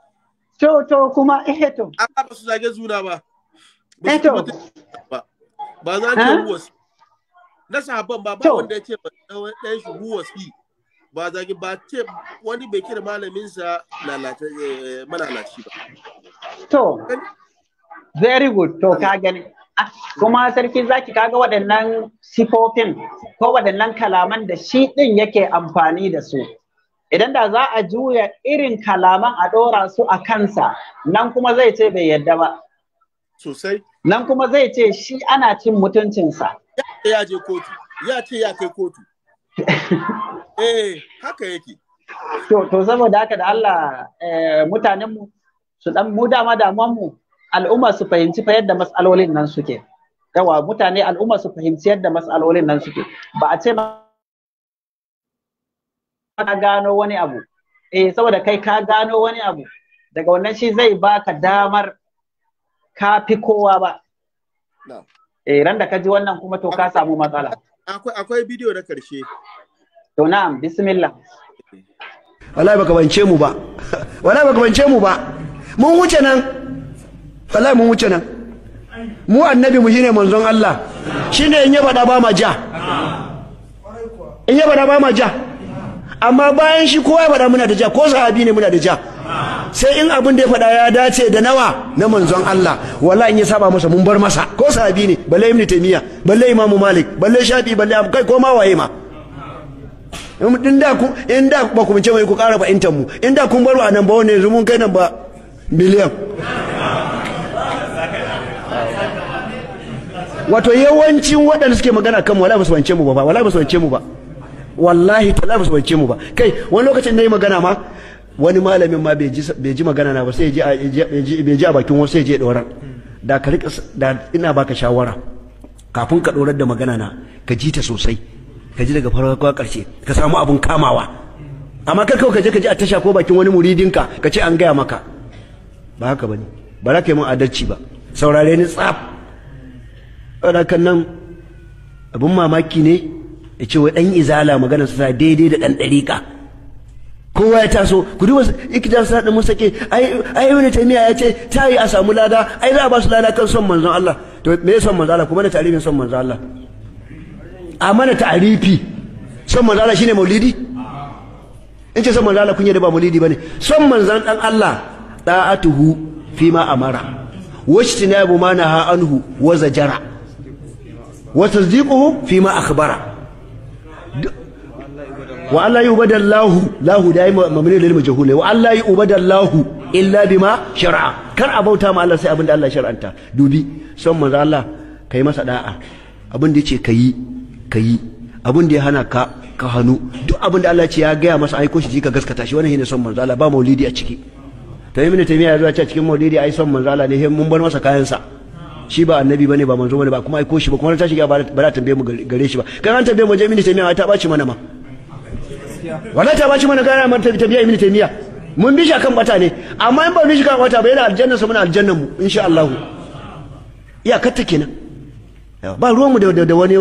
to to kuma eh to amma ba su zage zuna eh, ba ba za ce who was na sahabban ba ba wanda ya ce dan shi who was ba zage ba ce wani bai kira malamin sa lalata eh, eh, malalaci ba to very good to ka gani kuma sarki zaki kaga waɗannan sifofin ko waɗannan kalaman da shi ɗin yake amfani da su idan da za a juya irin kalaman a ɗora su a kansa nan kuma zai ce bai yadda ba sosai nan kuma zai ce shi ana cin mutuncinsa ya je kotu ya ce ya kai kotu eh haka yake to saboda haka da Allah eh, mutanenmu su dan mu dama damuwanmu al'umma su fahimci fa yadda matsalolin nan suke yawa mutane al'umma su fahimci yadda matsalolin nan suke ba a ce ka gano wani abu eh saboda kai ka gano wani abu daga wannan shi zai baka damar ka fi kowa ba eh ran da ka ji wannan kuma to ka samu matsala akwai akwai bidiyo na karshe to na'am bismillah wallahi baka bance mu ba wallahi baka bance mu ba mun wuce nan wallahi mun wuce nan mu annabi mu shine manzon Allah shine in ya da ba ma ja in ya da ba ma ja amma bayan shi kowa ya da muna da ja ko sahabi ne muna da ja sai in abin da ya fada ya dace da nawa na manzon Allah wala in ya saba masa mun bar masa ko sahabi ne balle ibn taymiya balle imamu malik balle shafi balle kai ko ma waye ma in da ku in da ba ku bincike mai ku ba fahimtar mu in da kun bar anan ba wani yanzu mun kai nan ba miliyan wato yawancin waɗanda suke magana kan wala ba su wance mu ba wala ba su wance mu ba wallahi la ba su wance mu ba kai wani lokacin yi magana ma wani malamin ma bai ji magana na ba sai bai ji a bakin wasu sai je dorar da ka rika da ina baka shawara kafin ka dorar da magana na ka ji ta sosai ka ji daga farko karshe ka samu abun kamawa amma kar kawai ka je ka ji a tasha ko bakin wani muridinka ka ce an gaya maka ba haka bane ba za ka yi mun adalci ba saurare ni tsaf kan nan abin mamaki ne ya ce wai ɗan izala magana su daidai da ɗan ɗariƙa kowa ya taso ku duba ikita sa da musa ke ai wani taimiyya ya ce ta yi a samu lada ai za a ba su lada kan son manzon Allah to me son manzon Allah kuma da tarihin son manzon Allah a mana ta'arifi son manzon Allah shine maulidi in ce son manzon Allah kun da ba maulidi bane son manzon dan Allah da'atuhu fi ma amara wajtinabu ma naha anhu wa zajara wa tasdiquhu fi ma akhbara wa alla yubada Allahu lahu daima mamni lil majhul wa alla yubada Allahu illa bima shar'a kar abauta ma Allah sai abinda Allah shar'anta dubi son manzo Allah kai masa da'a abinda yace kayi kayi abinda ya hana ka ka hannu duk abinda Allah ce ya gaya masa aiko shi ka gaskata shi wannan ne son manzo Allah ba maulidi a ciki to ibnu taymiya ya zo a cikin maulidi ai son manzo Allah ne mun bar masa kayan sa. shi ba annabi bane ba manzo bane ba kuma aiko shi ba kuma ran tashi ga ba za tambaye mu gare shi ba kan an tambaye mu je mini taimiya ta baci mana ma wala ta baci mana kana man tabiya mini taimiya mun bi shi akan bata ne amma in ba bi shi kan bata ba yana aljanna su muna aljannan mu insha Allah ya katta kenan ba ruwanmu da wani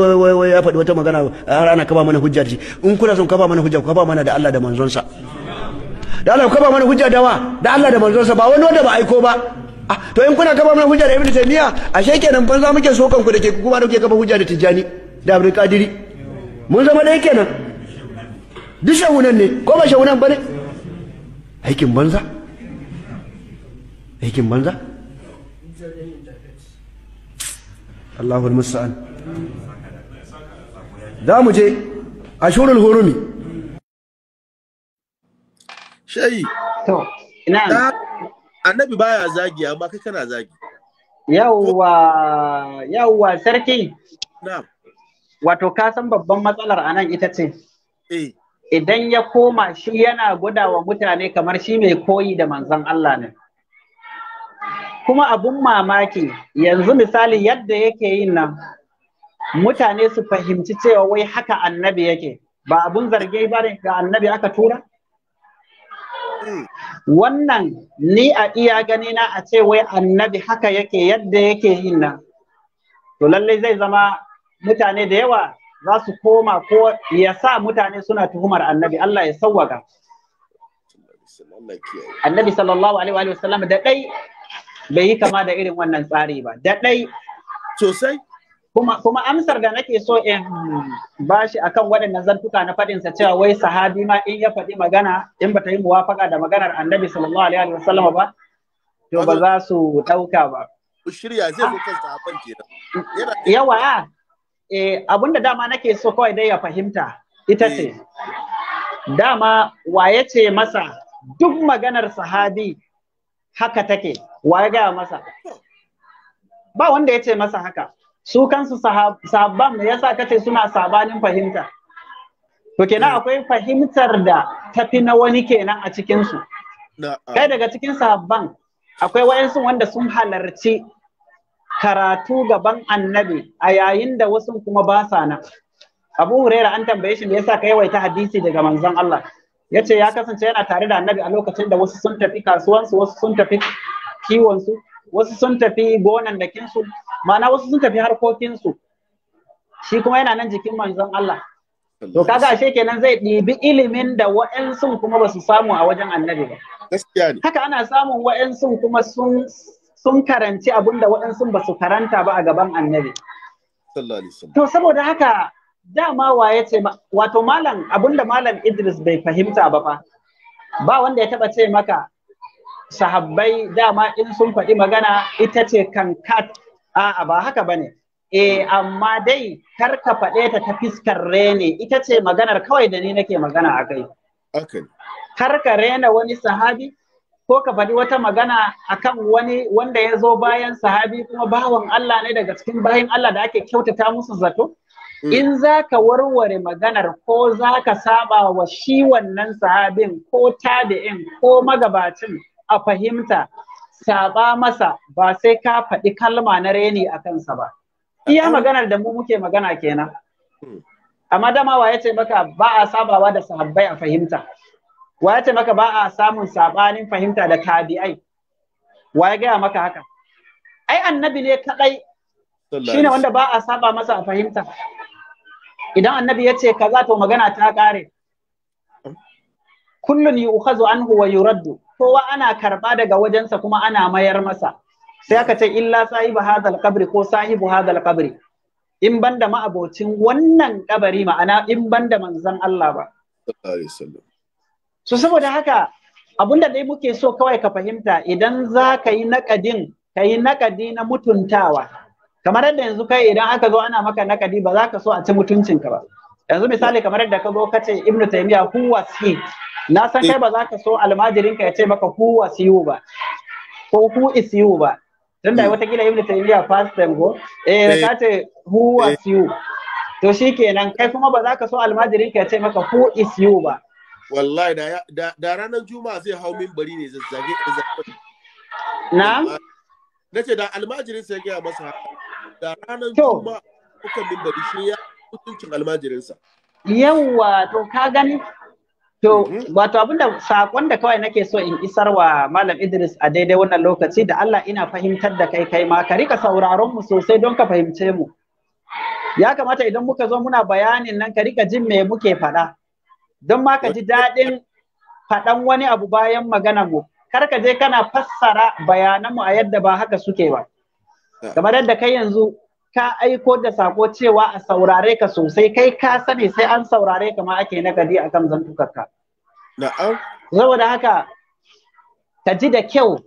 ya faɗi wata magana har ana kaba mana hujja ji in kuna son kaba mana hujja ku kaba mana da Allah da manzonsa da Allah ku kaba mana hujja da wa da Allah da manzonsa ba wani wanda ba aiko ba ah to in kuna kafa mana hujja da ibnu taymiya ashe kenan za muke so kanku da ke kuma da kuke kafa hujja da tijani da abdul qadiri mun zama dai kenan duk shahunan ne ko ba shahunan ba ne aikin banza aikin banza Allahul musta'an za mu je ashurul hurumi shayi to ina annabi baya zagi amma kai kana zagi yawwa yawwa sarki na'am wato ka san babban matsalar anan ita ce eh. idan ya koma shi yana gudawa mutane kamar shi mai koyi da manzon Allah ne kuma abun mamaki yanzu misali yadda yake yin nan mutane su fahimci cewa wai haka annabi yake ba abun zargi ba ne ga annabi aka tura wannan ni a iya gani na a ce wai annabi haka yake yadda yake yin nan to lallai zai zama mutane da yawa za su koma ko ya sa mutane suna tuhumar annabi Allah ya sawwaka annabi sallallahu alaihi wa sallam da dai bai yi kama da irin wannan tsari ba da dai sosai kuma kuma amsar da nake so in bashi akan waɗannan zantuka na faɗinsa cewa wai sahabi ma in ya faɗi magana in bata yi muwafaka da maganar annabi sallallahu alaihi wasallam ba to ba za su ɗauka ba shirya zai zo kan sahaban kenan yawa eh abinda dama nake so kawai dai ya fahimta ita ce eh. dama waye ce masa duk maganar sahabi haka take waye gaya masa ba wanda ya ce masa haka su kansu sahabban me yasa kace suna sabanin fahimta to kenan eh. akwai fahimtar da tafi na wani kenan a cikin su kai daga cikin sahabban akwai wayansu wanda sun halarci karatu gaban annabi a yayin da wasu kuma ba sa nan abu huraira an tambaye shi me yasa ka yawaita hadisi daga manzon Allah yace ya kasance yana tare da annabi a lokacin da wasu sun tafi kasuwansu wasu sun tafi kiwonsu wasu sun tafi gonan da kinsu ma'ana wasu sun tafi harkokinsu shi kuma yana nan jikin manzon Allah to kaga ashe kenan zai ɗibi ilimin da wa'ansu kuma ba su samu a wajen annabi ba haka ana samun wa'ansu kuma sun sun karanci abin da wa'ansu ba su karanta ba a gaban annabi to saboda haka dama waye ce wato malam abinda malam Idris bai fahimta ba fa ba wanda ya taba ce maka sahabbai dama in sun faɗi magana ita ce kankat a'a ba haka bane eh amma dai kar ka faɗe ta ta fiskar rene ita ce maganar kawai da ni nake magana a kai okay. kar ka rena wani sahabi ko ka faɗi wata magana akan wani wanda ya zo bayan sahabi kuma bawan Allah ne daga cikin bayan Allah da ake kyautata musu zato hmm. in za ka warware maganar ko za ka saba wa shi wannan sahabin ko tabi'in ko magabacin a fahimta saba masa ba sai ka faɗi kalma na reni a kansa ba iya maganar da mu muke magana kenan hmm. amma dama wa ya ce maka ba a sabawa da sahabbai a fahimta wa ya ce maka ba a samun sabanin fahimta da tabi'ai wa ya gaya maka haka ai annabi ne Shi shine wanda ba a saba masa a fahimta idan annabi ya ce kaza to magana ta kare hmm. kullun yu'khazu anhu wa yuraddu kowa ana karba daga wajensa kuma ana mayar masa sai aka ce illa sahibu hadal kabri ko sahibu hadal kabri in banda ma'abocin wannan kabari ma'ana in banda manzan Allah ba so saboda haka abunda dai muke so kawai ka fahimta idan za ka yi nakadin ka yi naƙadi na mutuntawa kamar yadda yanzu kai idan aka zo ana maka nakadi ba za ka so a ci mutuncinka ba yanzu misali kamar yadda ka zo ka ce ibnu taymiya who was na san kai eh. ba za ka so almajirinka ya ce maka who was you ba ko who is you ba tun da mm. watakila ibn taymiya past time go eh, eh ka ce who was eh. you to shikenan kai kuma ba za ka so almajirinka ya ce maka who is you ba wallahi da da ranar juma'a zai hau bari ne zazzage Na na'am nace da almajirin sai ya masa da ranar juma'a kuka min bari shi ya mutuncin almajirinsa yawa to ka gani To, mhm. wato abinda sakon da kawai nake so in isar wa Malam Idris a daidai wannan lokaci da Allah ina fahimtar da kai kai ma ka rika sauraron mu sosai don ka fahimce mu. Ya kamata idan muka zo muna bayanin nan ka rika jin me muke faɗa. Don ma ka ji daɗin faɗan wani abu bayan magana mu. Kar ka je kana fassara bayanan mu a yadda ba haka suke ba. Kamar yadda kai yanzu ka aiko da sako cewa a saurare ka sosai kai ka sani sai an saurare ka ma ake nagadi akan zantukarka na'am saboda haka ka ji da kyau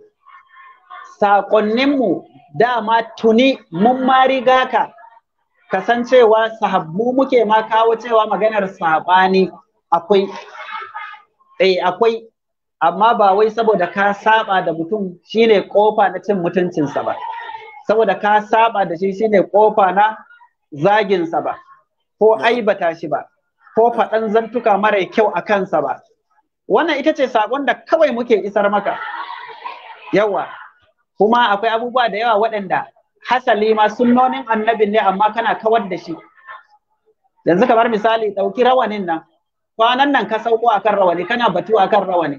sakonninmu dama tuni mun ma riga ka kasancewa sahabbu muke ma kawo cewa maganar sabani akwai eh akwai amma ba wai saboda ka saba da mutum shine kofa na cin mutuncinsa ba saboda ka saba da shi shine kofa na zaginsa ba ko aibata shi ba ko faɗan zantuka mara kyau a kansa ba wannan ita ce saƙon da kawai muke isar maka yawa kuma akwai abubuwa da yawa waɗanda hasali ma sunnonin annabin ne amma kana kawar da shi yanzu kamar misali ɗauki rawanin nan kwanan nan ka sauko akan rawani kana batu akan rawani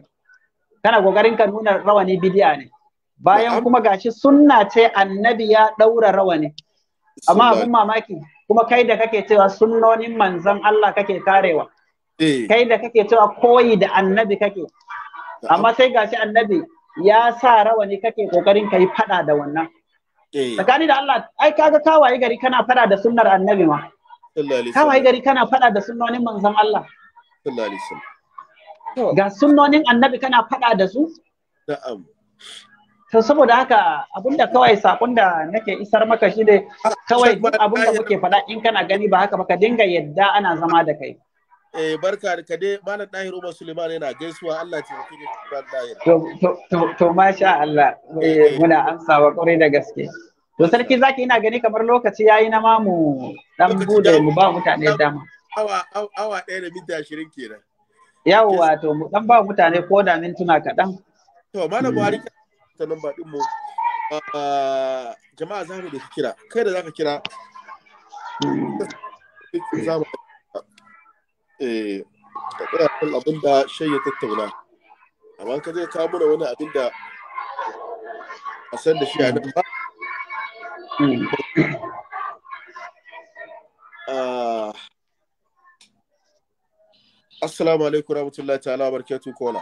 kana kokarin ka nuna rawani bidiya ne bayan kuma gashi sunna ce annabi ya ɗaura rawani amma abin mamaki kuma kai da kake cewa sunnonin manzon Allah kake karewa eh. kai da kake cewa koyi da annabi kake amma sai gashi annabi ya sa rawani kake kokarin kai fada da wannan eh. tsakani da Allah ai kaga kawaye gari kana fada da sunnar annabi ma kawaye gari kana fada da sunnonin manzon Allah ga sunnonin annabi kana fada da su na'am to saboda haka abinda kawai sakon da nake isar maka shi ne kawai duk abin da muke faɗa in kana gani ba haka ba ka dinga yadda ana zama da kai eh barka da kade malam dahir umar suleiman yana gaisuwa Allah ya tabbata da malam dahir to to to masha Allah eh, eh, eh. muna amsawa kwarai da gaske to sarki zaki ina gani kamar lokaci yayi na mamu dan bude mu ba mutane dama awa awa 1 da minti 20 kenan yawwa to mu dan ba mutane ko da mintuna kaɗan to malam buhari ta lamba din mu ah, jama'a za mu da kira kai da zaka kira za ka kira eh, kan abin da shay ya tattauna amma ka zai kawo mana wani abin da a san da shi a nan ba ah, Assalamu alaikum warahmatullahi ta'ala kola.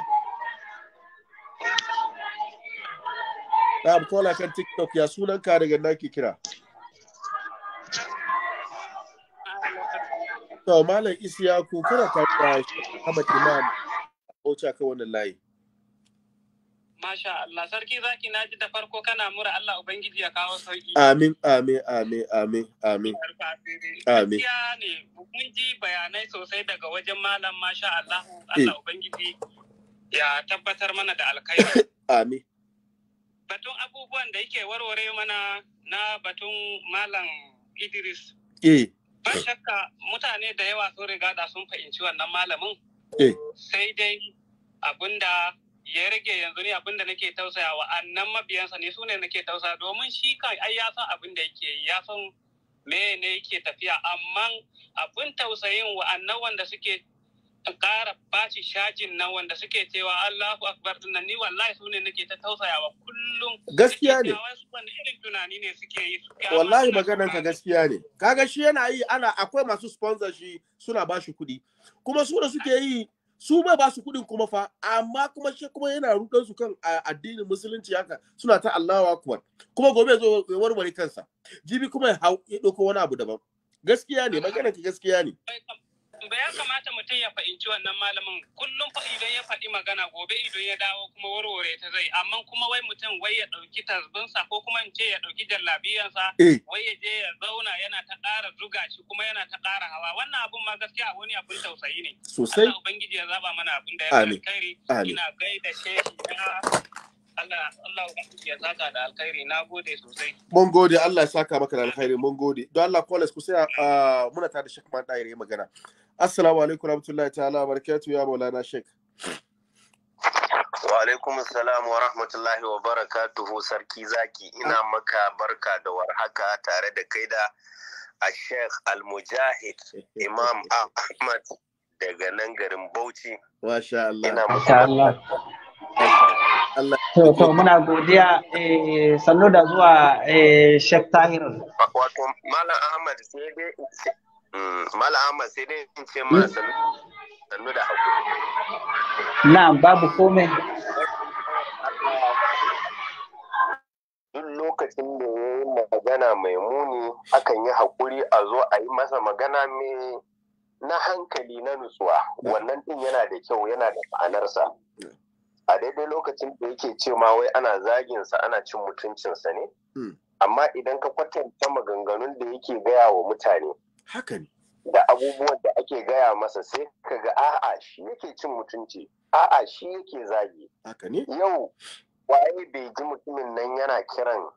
Na'am kola kan TikTok ya sunan ka daga naki kira. To Malam Isiyaku kana ta da Ahmad Imam Ocha ka wannan layi. Masha Allah sarki zaki na ji da farko kana mura Allah Ubangiji ya kawo sauki. Amin amin amin amin amin. Amin. Gaskiya ne mun ji bayanai sosai daga wajen malam Masha Allah eh. Allah Ubangiji ya tabbatar mana da alkhairi. Amin. batun abubuwan da yake warware mana na batun malam idris eh. ba shakka mutane da yawa sun riga da sun fahimci wannan malamin eh. sai dai abinda ya rage yanzu ne abinda nake tausaya wa annan mabiyansa ne sune nake tausaya domin shi kai ai ya san abinda yake ya san me ne yake tafiya amma abin tausayin wa wanda suke in ƙara bashi shajin nan wanda suke cewa Allahu Akbar din nan ni wallahi su ne nake ta tausayawa kullum gaskiya ne wani tunani ne suke yi wallahi maganar ka gaskiya ne kaga shi yana yi ana akwai masu sponsor shi suna bashi kuɗi kuma su da suke yi su ma ba su kuɗin kuma fa amma kuma shi kuma yana rudan su kan addinin musulunci haka suna ta Allahu Akbar kuma gobe zo ya warware kansa jibi kuma ya dauko wani abu daban gaskiya ne maganar ka gaskiya ne ba ya kamata mutum ya fahimci wannan malamin kullum fa idan ya faɗi magana gobe idan ya dawo kuma warware ta zai amma kuma wai mutum wai ya ɗauki tasbinsa ko kuma in ce ya ɗauki jallabiyansa eh. wai ya je ya zauna yana ta ƙara zuga shi kuma yana ta ƙara hawa wannan abun ma gaskiya wani abun tausayi ne sosai Allah ubangiji ya zaba mana abin da ya kai ina gaida shehi na Allah ya saka da alkhairi na gode sosai. Mun gode Allah ya saka maka da alkhairi mun gode. Don Allah Kolas ku sai muna tare da Sheikh Man Daire ya magana. Assalamu alaikum wa ta'ala barakatu ya Maulana Sheikh. Wa alaikum assalam wa rahmatullahi wa barakatuhu sarki zaki ina maka barka da warhaka tare da kai da a Sheikh Al-Mujahid Imam Ahmad daga nan garin Bauchi. Masha Allah. Ina maka Allah. To, to muna godiya eh, sannu da zuwa eh, Sheikh Tahir. Wato Malam Ahmad sai dai mm, Malam Ahmad sai dai in ce ma sannu da haƙuri. Na'am babu komai. Duk lokacin da ya yi magana mai muni akan yi hakuri, a zo a yi masa magana mai na hankali na nutsuwa wannan ɗin yana da kyau yana da ma'anarsa. a daidai lokacin da yake ce ma wai ana zaginsa ana cin mutuncinsa ne hmm. amma idan ka kwatanta maganganun da yake gaya wa mutane da abubuwan da ake gaya masa sai ka ga a'a shi yake cin mutunci a'a shi yake zagi yau waye bai ji mutumin nan yana kiran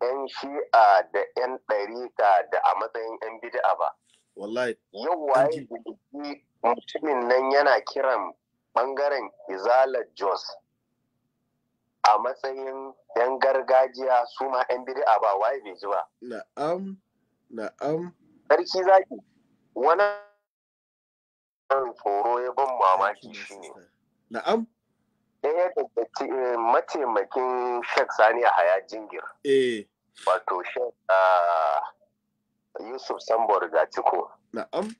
'yan shi'a da 'yan ɗariƙa da a matsayin 'yan bid'a ba. Wallahi. Yau waye bai ji mutumin nan yana kiran bangaren izalar jos a matsayin 'yan gargajiya su ma 'yan bid'a ba waye bai ji ba na'am na'am sarki zaki wani tsoro ya ban mamaki shi ne na'am ɗaya daga eh, mataimakin shek sani a haya jingir eh. wato shek ah, yusuf sambo rigaciko na'am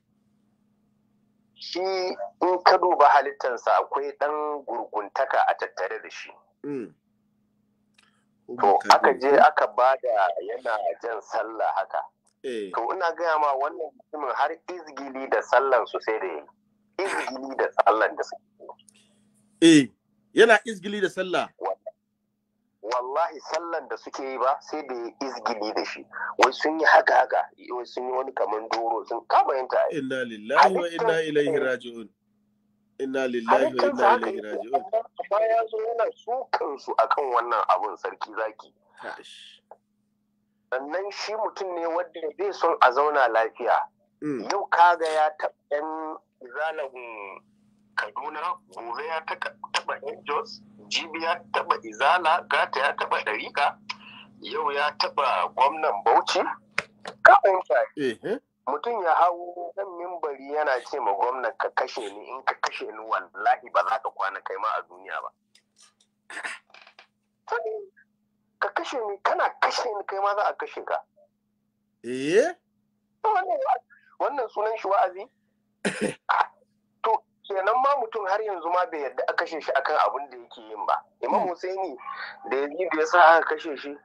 shi in ka duba halittansa akwai ɗan gurguntaka a tattare da shi mm. to aka je aka ba da yana jan sallah haka eh. to ina gaya ma wannan mutumin har izgili da sallar su sai da izgili da sallan da su eh yana izgili da sallah wallahi sallan da suke yi ba sai da ya izgili da shi wai sun yi haka haka wai sun yi wani kamar doro sun kama yin ta inna lillahi wa inna ilaihi raji'un inna lillahi wa inna ilaihi raji'un amma ya zo yana su kansu akan wannan abun sarki zaki sannan shi mutum ne wanda zai son a zauna lafiya mm. yau kaga ya taɓa yan zalabin kaduna gobe ya taba angels jibi ya taba izala gata ya taba ɗarika yau ya taba gwamnan bauchi ka mutum ya hau kan mimbari yana ce ma gwamnan ka kashe ni in ka kashe ni wallahi ba za ka kwana kai ma a duniya ba ka kashe ni kana kashe ni kai ma za a kashe ka eh wannan sunan shi wa'azi mutum har yanzu ma bai yadda a kashe shi akan abin da yake yin ba imam hmm. husaini da ya da ya sa aka kashe shi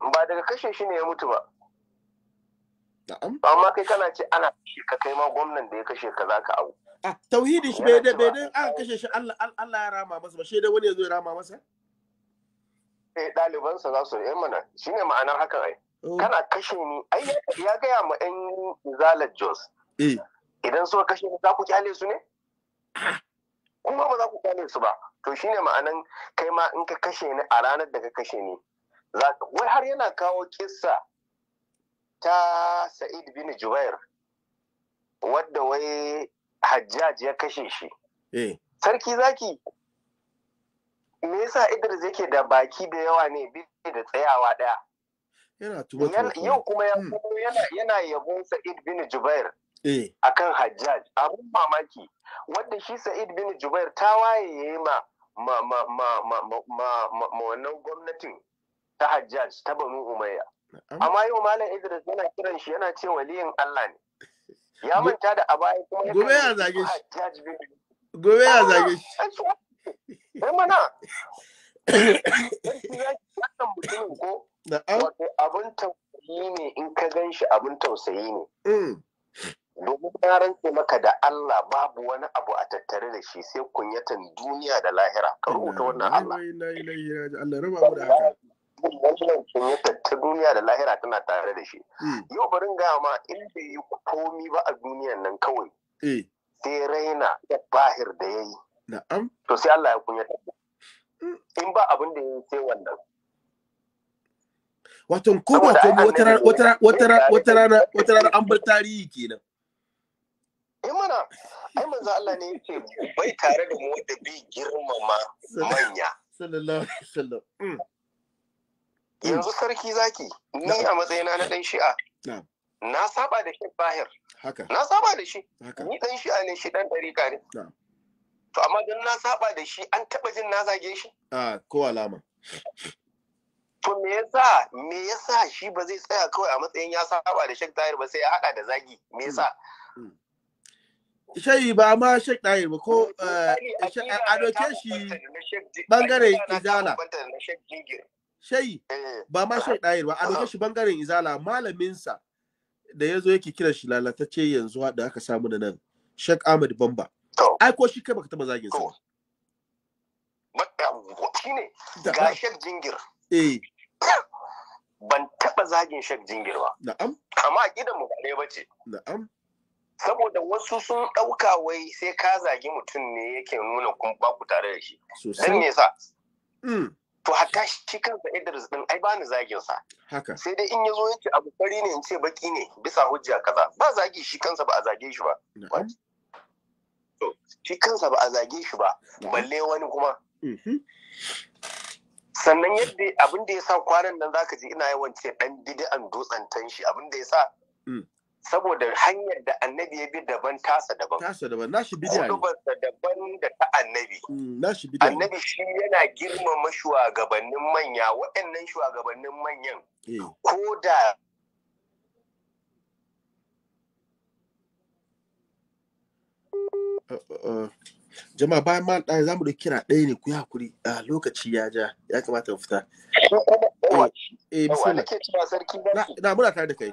ba daga kashe shi ne ya mutu ba amma kai kana ce ana kashe ka kai ma gwamnan da ya kashe ka za ka abu a tauhidin shi bai dan aka kashe shi Allah Allah ya rama masa ba shi dai wani ya zo ya rama masa eh ɗalibansa za su yi eh, mana shine ma'anar hakan ai oh. kana kashe ni ai ya gaya ma 'yan zalar jos eh. idan suka kashe ni za ku kyale su ne kuma ba za ku gane su ba to shine ma'anan kai ma in ka kashe ni a ranar da ka kashe ni wai har yana kawo kissa ta sa'id bin jubair wadda wai hajjaj ya kashe shi eh. sarki zaki me yasa idris yake da baki da yawa ne bai da tsayawa daya yau kuma hmm. yana yabon sa'id bin jubair Eh. akan Hajjaj abun mamaki wanda shi Sa'id bin Jubair ta waye ya yi ma wannan gwamnatin ta Hajjaj ta Banu Umayya amma yau Malam Idris yana kiran shi yana ce waliyin Allah ne ya manta da a baya kuma gobe ya zage shi gobe ya ah, zage shi mana mutumin ko abun tausayi ne in ka gan shi abun tausayi ne mm. domin ya rantse maka da Allah babu wani abu a tattare da shi sai kunyatan duniya da lahira ka rubuta wannan Allah Allah raba da haka ta duniya da lahira tana tare da shi hmm. yi komi ba a duniyan nan kawai eh. da bahir da yayi na'am to sai Allah ya kunyata hmm. in ba abin da yayi sai wannan wato ko ba ko wata rana wata rana wata rana an bar tarihi kenan in eh, mana ai manzo Allah ne yake bai tare da mu wanda bai girmama manya sallallahu alaihi wasallam mm. yanzu sarki zaki ni a matsayina na dan shi'a na saba da shi bahir na saba da shi ni dan shi'a ne shi dan dariƙa ne to amma dan na saba da shi an taba jin na zage shi a ko alama to me yasa me yasa shi ba zai tsaya kawai a matsayin ya saba da Sheikh Tahir ba sai ya hada da zagi me yasa mm. mm. shayi ba ma shek ɗayir ba ko eh, eh, a shi bangaren izala shayi eh. ba ma shek ɗayir ba a uh-huh. shi bangaren izala malaminsa da ya zo yake kira shi lalatacce yanzu da aka samu da nan shek ahmad bamba ai ko shi kai baka taba zagin sa ga ah. shek jingir eh ban taba zagin shek jingir ba na'am amma akidan mu ba ne bace na'am saboda wasu sun ɗauka wai sai ka zagi mutum ne yake nuna kuma baku tare da shi don me yasa mm. to hatta shi kansa Idris din ai bani zagin sa haka sai dai in yazo yace abu fari ne in ce baki ne bisa hujja kaza ba zagi shi kansa ba a zage shi ba to shi kansa ba a zage shi ba balle wani kuma mm-hmm. sannan yadda abin da ya sa kwanan nan zaka ji ina yawan ce dan an dutsen tanshi abin da ya sa mm. saboda hanyar da annabi ya bi daban tasa daban tasa daban nashi bidiya ne da daban da ta annabi mm, shi bidiya annabi shi yana girmama shugabannin manya waɗannan shugabannin manyan eh. ko da uh, uh, uh. jama'a bayan ma ɗaya za mu da kira ɗaya ne ku yi hakuri a lokaci ya ja ya kamata mu fita. Eh, eh Na muna tare da kai.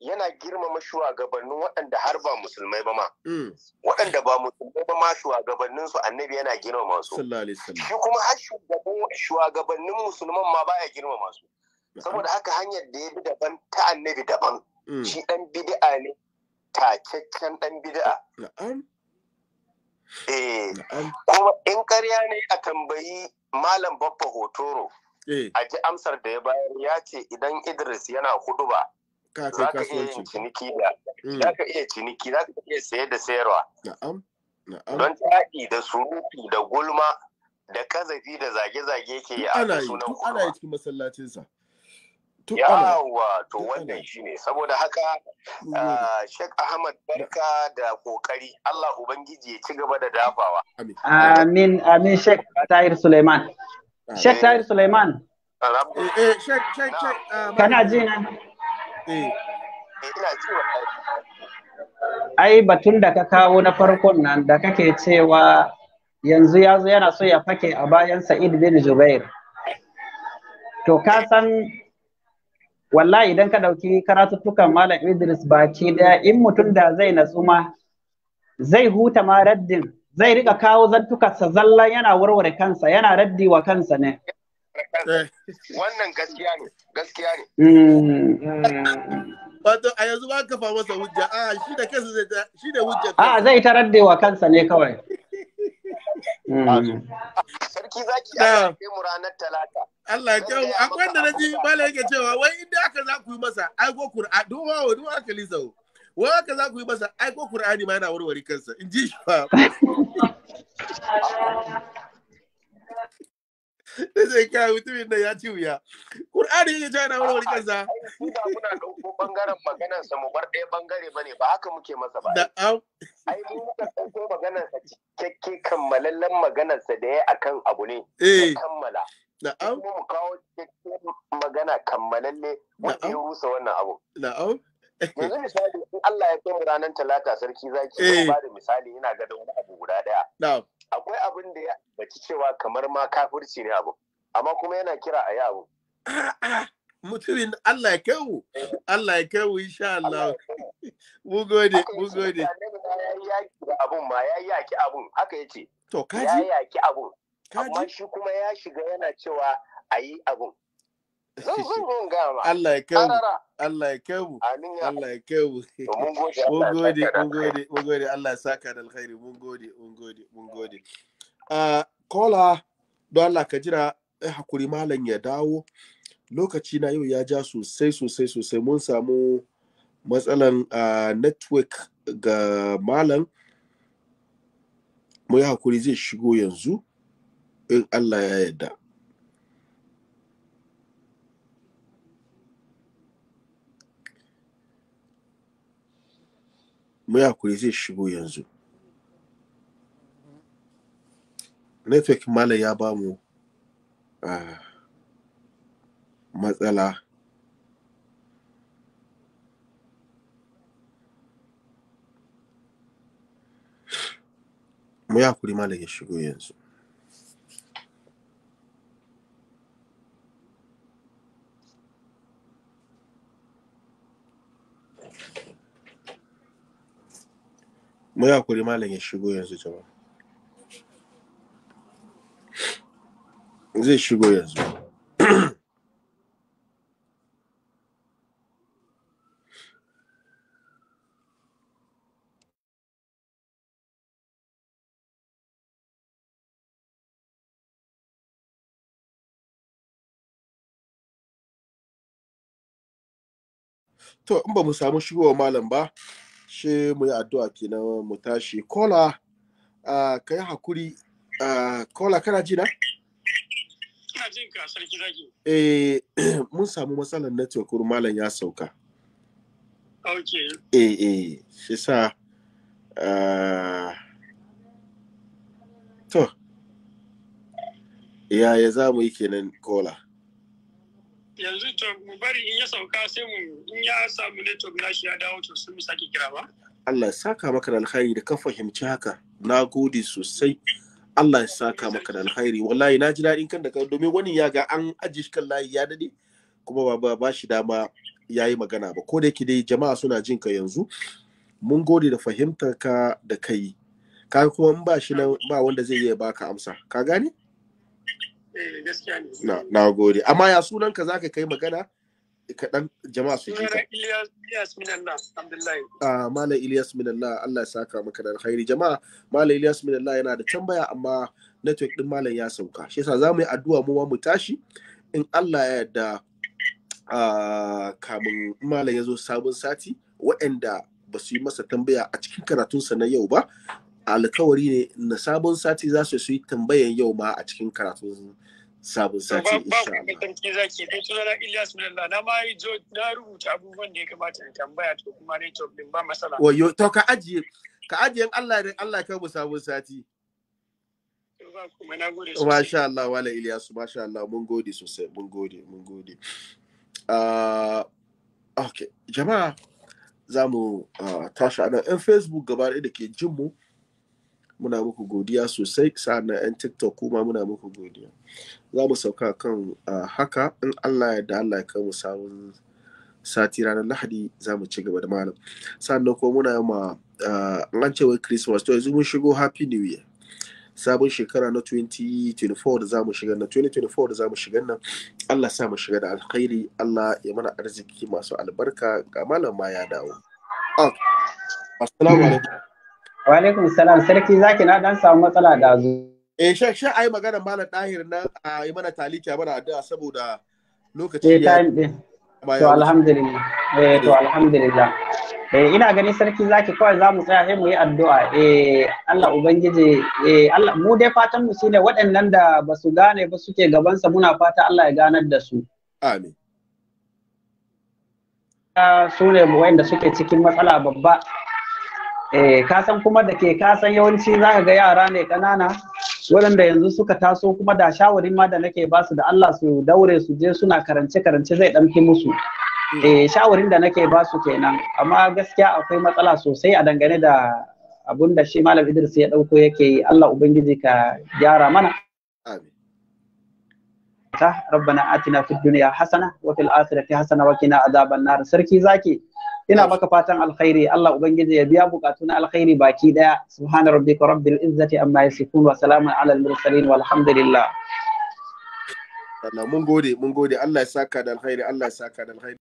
yana girmama shugabannin waɗanda har ba musulmai ba ma. Mm. Waɗanda ba musulmai ba ma shugabannin su annabi yana girmama su. Shi kuma har shugabannin musulman ma baya girmama su. Saboda haka hanyar da ya bi daban ta annabi daban. Mm. Shi ɗan bid'a ne takakken ɗan bid'a. Eh, kuma in karya ne a tambayi Malam babba Hotoro. Eh. A ji amsar da ya bayar ya ce idan Idris yana hudu ba ka kai kasuwanci ciniki da mm. za ka iya ciniki za ka iya saye da sayarwa na'am na'am don taɗi da surutu da gulma da kazafi da zage-zage yake yi a sunan kuma ana yi cikin masallacinsa yawa to wannan shi ne. saboda haka ah, Sheikh Ahmad barka da kokari Allah ubangiji ya ci gaba da dafawa amin amin Sheikh Tahir Suleiman Sheikh Tahir Suleiman eh, eh Sheikh Sheikh Sheikh ah, kana ji na Ai batun da ka kawo na farkon nan da kake cewa yanzu ya zo yana so ya fake a bayan Sa'id bin Jubair. To ka san wallahi idan ka ɗauki karatuttukan Malam Idris baki ɗaya in mutum da zai natsu ma zai huta ma raddin zai rika kawo zantukarsa zallan yana warware kansa yana raddi wa kansa ne. Eh. Wannan gaskiya ne, gaskiya ne. Hmm. Wato a yanzu ba kafa masa hujja, a ah, shi da kansa zai ta, shi da hujja. A ah, zai tarar da wa kansa ne kawai. Hmm. Ah, sarki zaki a kai mu ranar talata. Allah ya kyau, akwai da naji bala yake cewa wai inda aka za ku yi masa ko Qur'an, don wawo don aka lisa. Wai aka za ku yi masa ko Qur'ani ma yana warware kansa. In ji shi fa. da zai kawo mutumin da ya ci wuya qur'ani yake cewa wani wani kansa ba muna dauko bangaren maganar mu bar ɗaya bangare ba ne, ba haka muke masa ba ai mu muka dauko maganar sa cikakke kammalallen maganar da ya akan abu ne eh kammala na'am mu kawo cikakke magana kammalalle wanda ya rusa wannan abu na'am yanzu misali in Allah ya kai mu ranar talata sarki zaki eh. ba da misali ina ga da wani abu guda ɗaya. na'am akwai abin da ya baci cewa kamar ma kafirci ne abu amma kuma yana kira a yawo mutumin Allah ya kai Allah ya kai wu insha Allah mu gode mu gode ya abun ma ya yaki abun haka yace to kaji ya yaki abun amma shi kuma ya shiga yana cewa ayi abun zan zan ga ma Allah ya kai Allah ya kai mu. Allah ya kai mu. Mun gode, mun gode, mun gode, Allah ya saka da alkhairi, mun gode, mun gode, mun gode. Kola, ah, don Allah ka jira hakuri malam ya dawo. Lokaci na yau ya ja sosai sosai sosai mun samu matsalan ah, network ga malam. Mu yi hakuri zai shigo yanzu in Allah ya yarda. mu hakuri zai shigo yanzu network malam ya ba mu matsala mu hakuri malam ya shigo yanzu Mu ya kuri malam ya shigo yanzu jama'a. Zai shigo yanzu. To, in ba mu samu shigowa malam ba, ƙarshe mu yi addu'a kenan mu tashi kola uh, ka yi hakuri uh, kola kana ji na? ina eh, mun samu matsalar network malam ya sauka okay eh eh shi sa uh, to yaya za mu yi kenan kola yanzu to mu bari in ya sauka sai mu in ya samu network nashi ya dawo to sai mu sake kira ba Allah ya saka maka da alkhairi da ka fahimci haka na gode sosai Allah ya saka maka da alkhairi wallahi na ji daɗin kan da ka domin wani ya ga an aji shi kan layi ya daɗe. kuma ba ba shi dama ya yi magana ba ko da yake dai jama'a suna jin ka yanzu mun gode da fahimtar ka da kai ka kuma in ba shi nan ba wanda zai iya baka amsa ka gane Eh, na gode amma ya sunan ka zaka kai magana kaɗan jama'a su ji ka ah, Malam Ilyas Minallah, Allah ya saka maka da alkhairi. Jama'a, Malam Ilyas Minallah yana da tambaya amma network din Malam ya sauka. Shi yasa za mu yi addu'a mu mu tashi in Allah ya yarda ah, kamun Malam ya zo sabon sati waɗanda ba su yi masa tambaya a cikin karatunsa na yau ba alkawari ne na sabon sati za su yi tambayan yau ma a cikin karatun sabon sati in sha Allah. Ba ku sarki zaki dai sunana Ilyas Minalla na ma yi na rubuta abubuwan da ya kamata in tambaya to kuma na network din ba masala. Wayo to ka ajiye ka ajiye in Allah da Allah kai mu sabon sati. Masha Allah wala Ilyasu masha Allah mun gode sosai mun gode mun gode. Uh, okay jama'a za mu uh, tashi a nan 'yan facebook gaba da ke jinmu mu muna muku godiya sosai nan 'yan tiktok kuma muna muku godiya za mu sauka kan haka in allah ya da allah ya kai mu samun sati ranar lahadi za mu ci gaba da malam Sa'an nan kuma muna ma an ce wai christmas to yanzu mun shigo happy new year sabon shekara na 2024 da za mu shiga na 2024 da za mu shiga nan allah sa mu shiga da alkhairi allah ya mana arziki masu albarka ga malam ma ya dawo assalamu alaikum Wa alaikum salam sarki zaki na dan samu matsala da zu. Eh sha sha ai magana malam Dahir nan a yi mana taliki a mana addu'a saboda lokaci eh, ya. To alhamdulillah. Eh to eh. alhamdulillah. Eh ina gani sarki zaki kawai za mu tsaya sai mu yi addu'a. Eh Allah ubangiji eh Allah mu dai fatan mu shine waɗannan da ba su gane ba suke gabansa muna fata Allah ya ganar da su. Amin. Ah, su ne wayanda suke cikin matsala babba eh kasan kuma da ke kasan yawanci zaka ga yara ne kanana waɗanda yanzu suka taso kuma da shawarin ma da nake basu da Allah su daure su je suna karance karance zai ɗanki musu eh shawarin da nake basu kenan amma gaskiya akwai matsala sosai a dangane da abun da shi malam Idris ya ɗauko yake yi Allah ubangiji ka gyara mana amin ربنا آتنا في الدنيا حسنة وفي الآخرة حسنة وقنا عذاب النار سركي زاكي ina maka fatan alkhairi Allah ubangiji ya biya bukatu na alkhairi baki daya subhana rabbika rabbil izzati amma yasifun wa salamun alal mursalin walhamdulillah ya saka da alkhairi Allah ya saka da alkhairi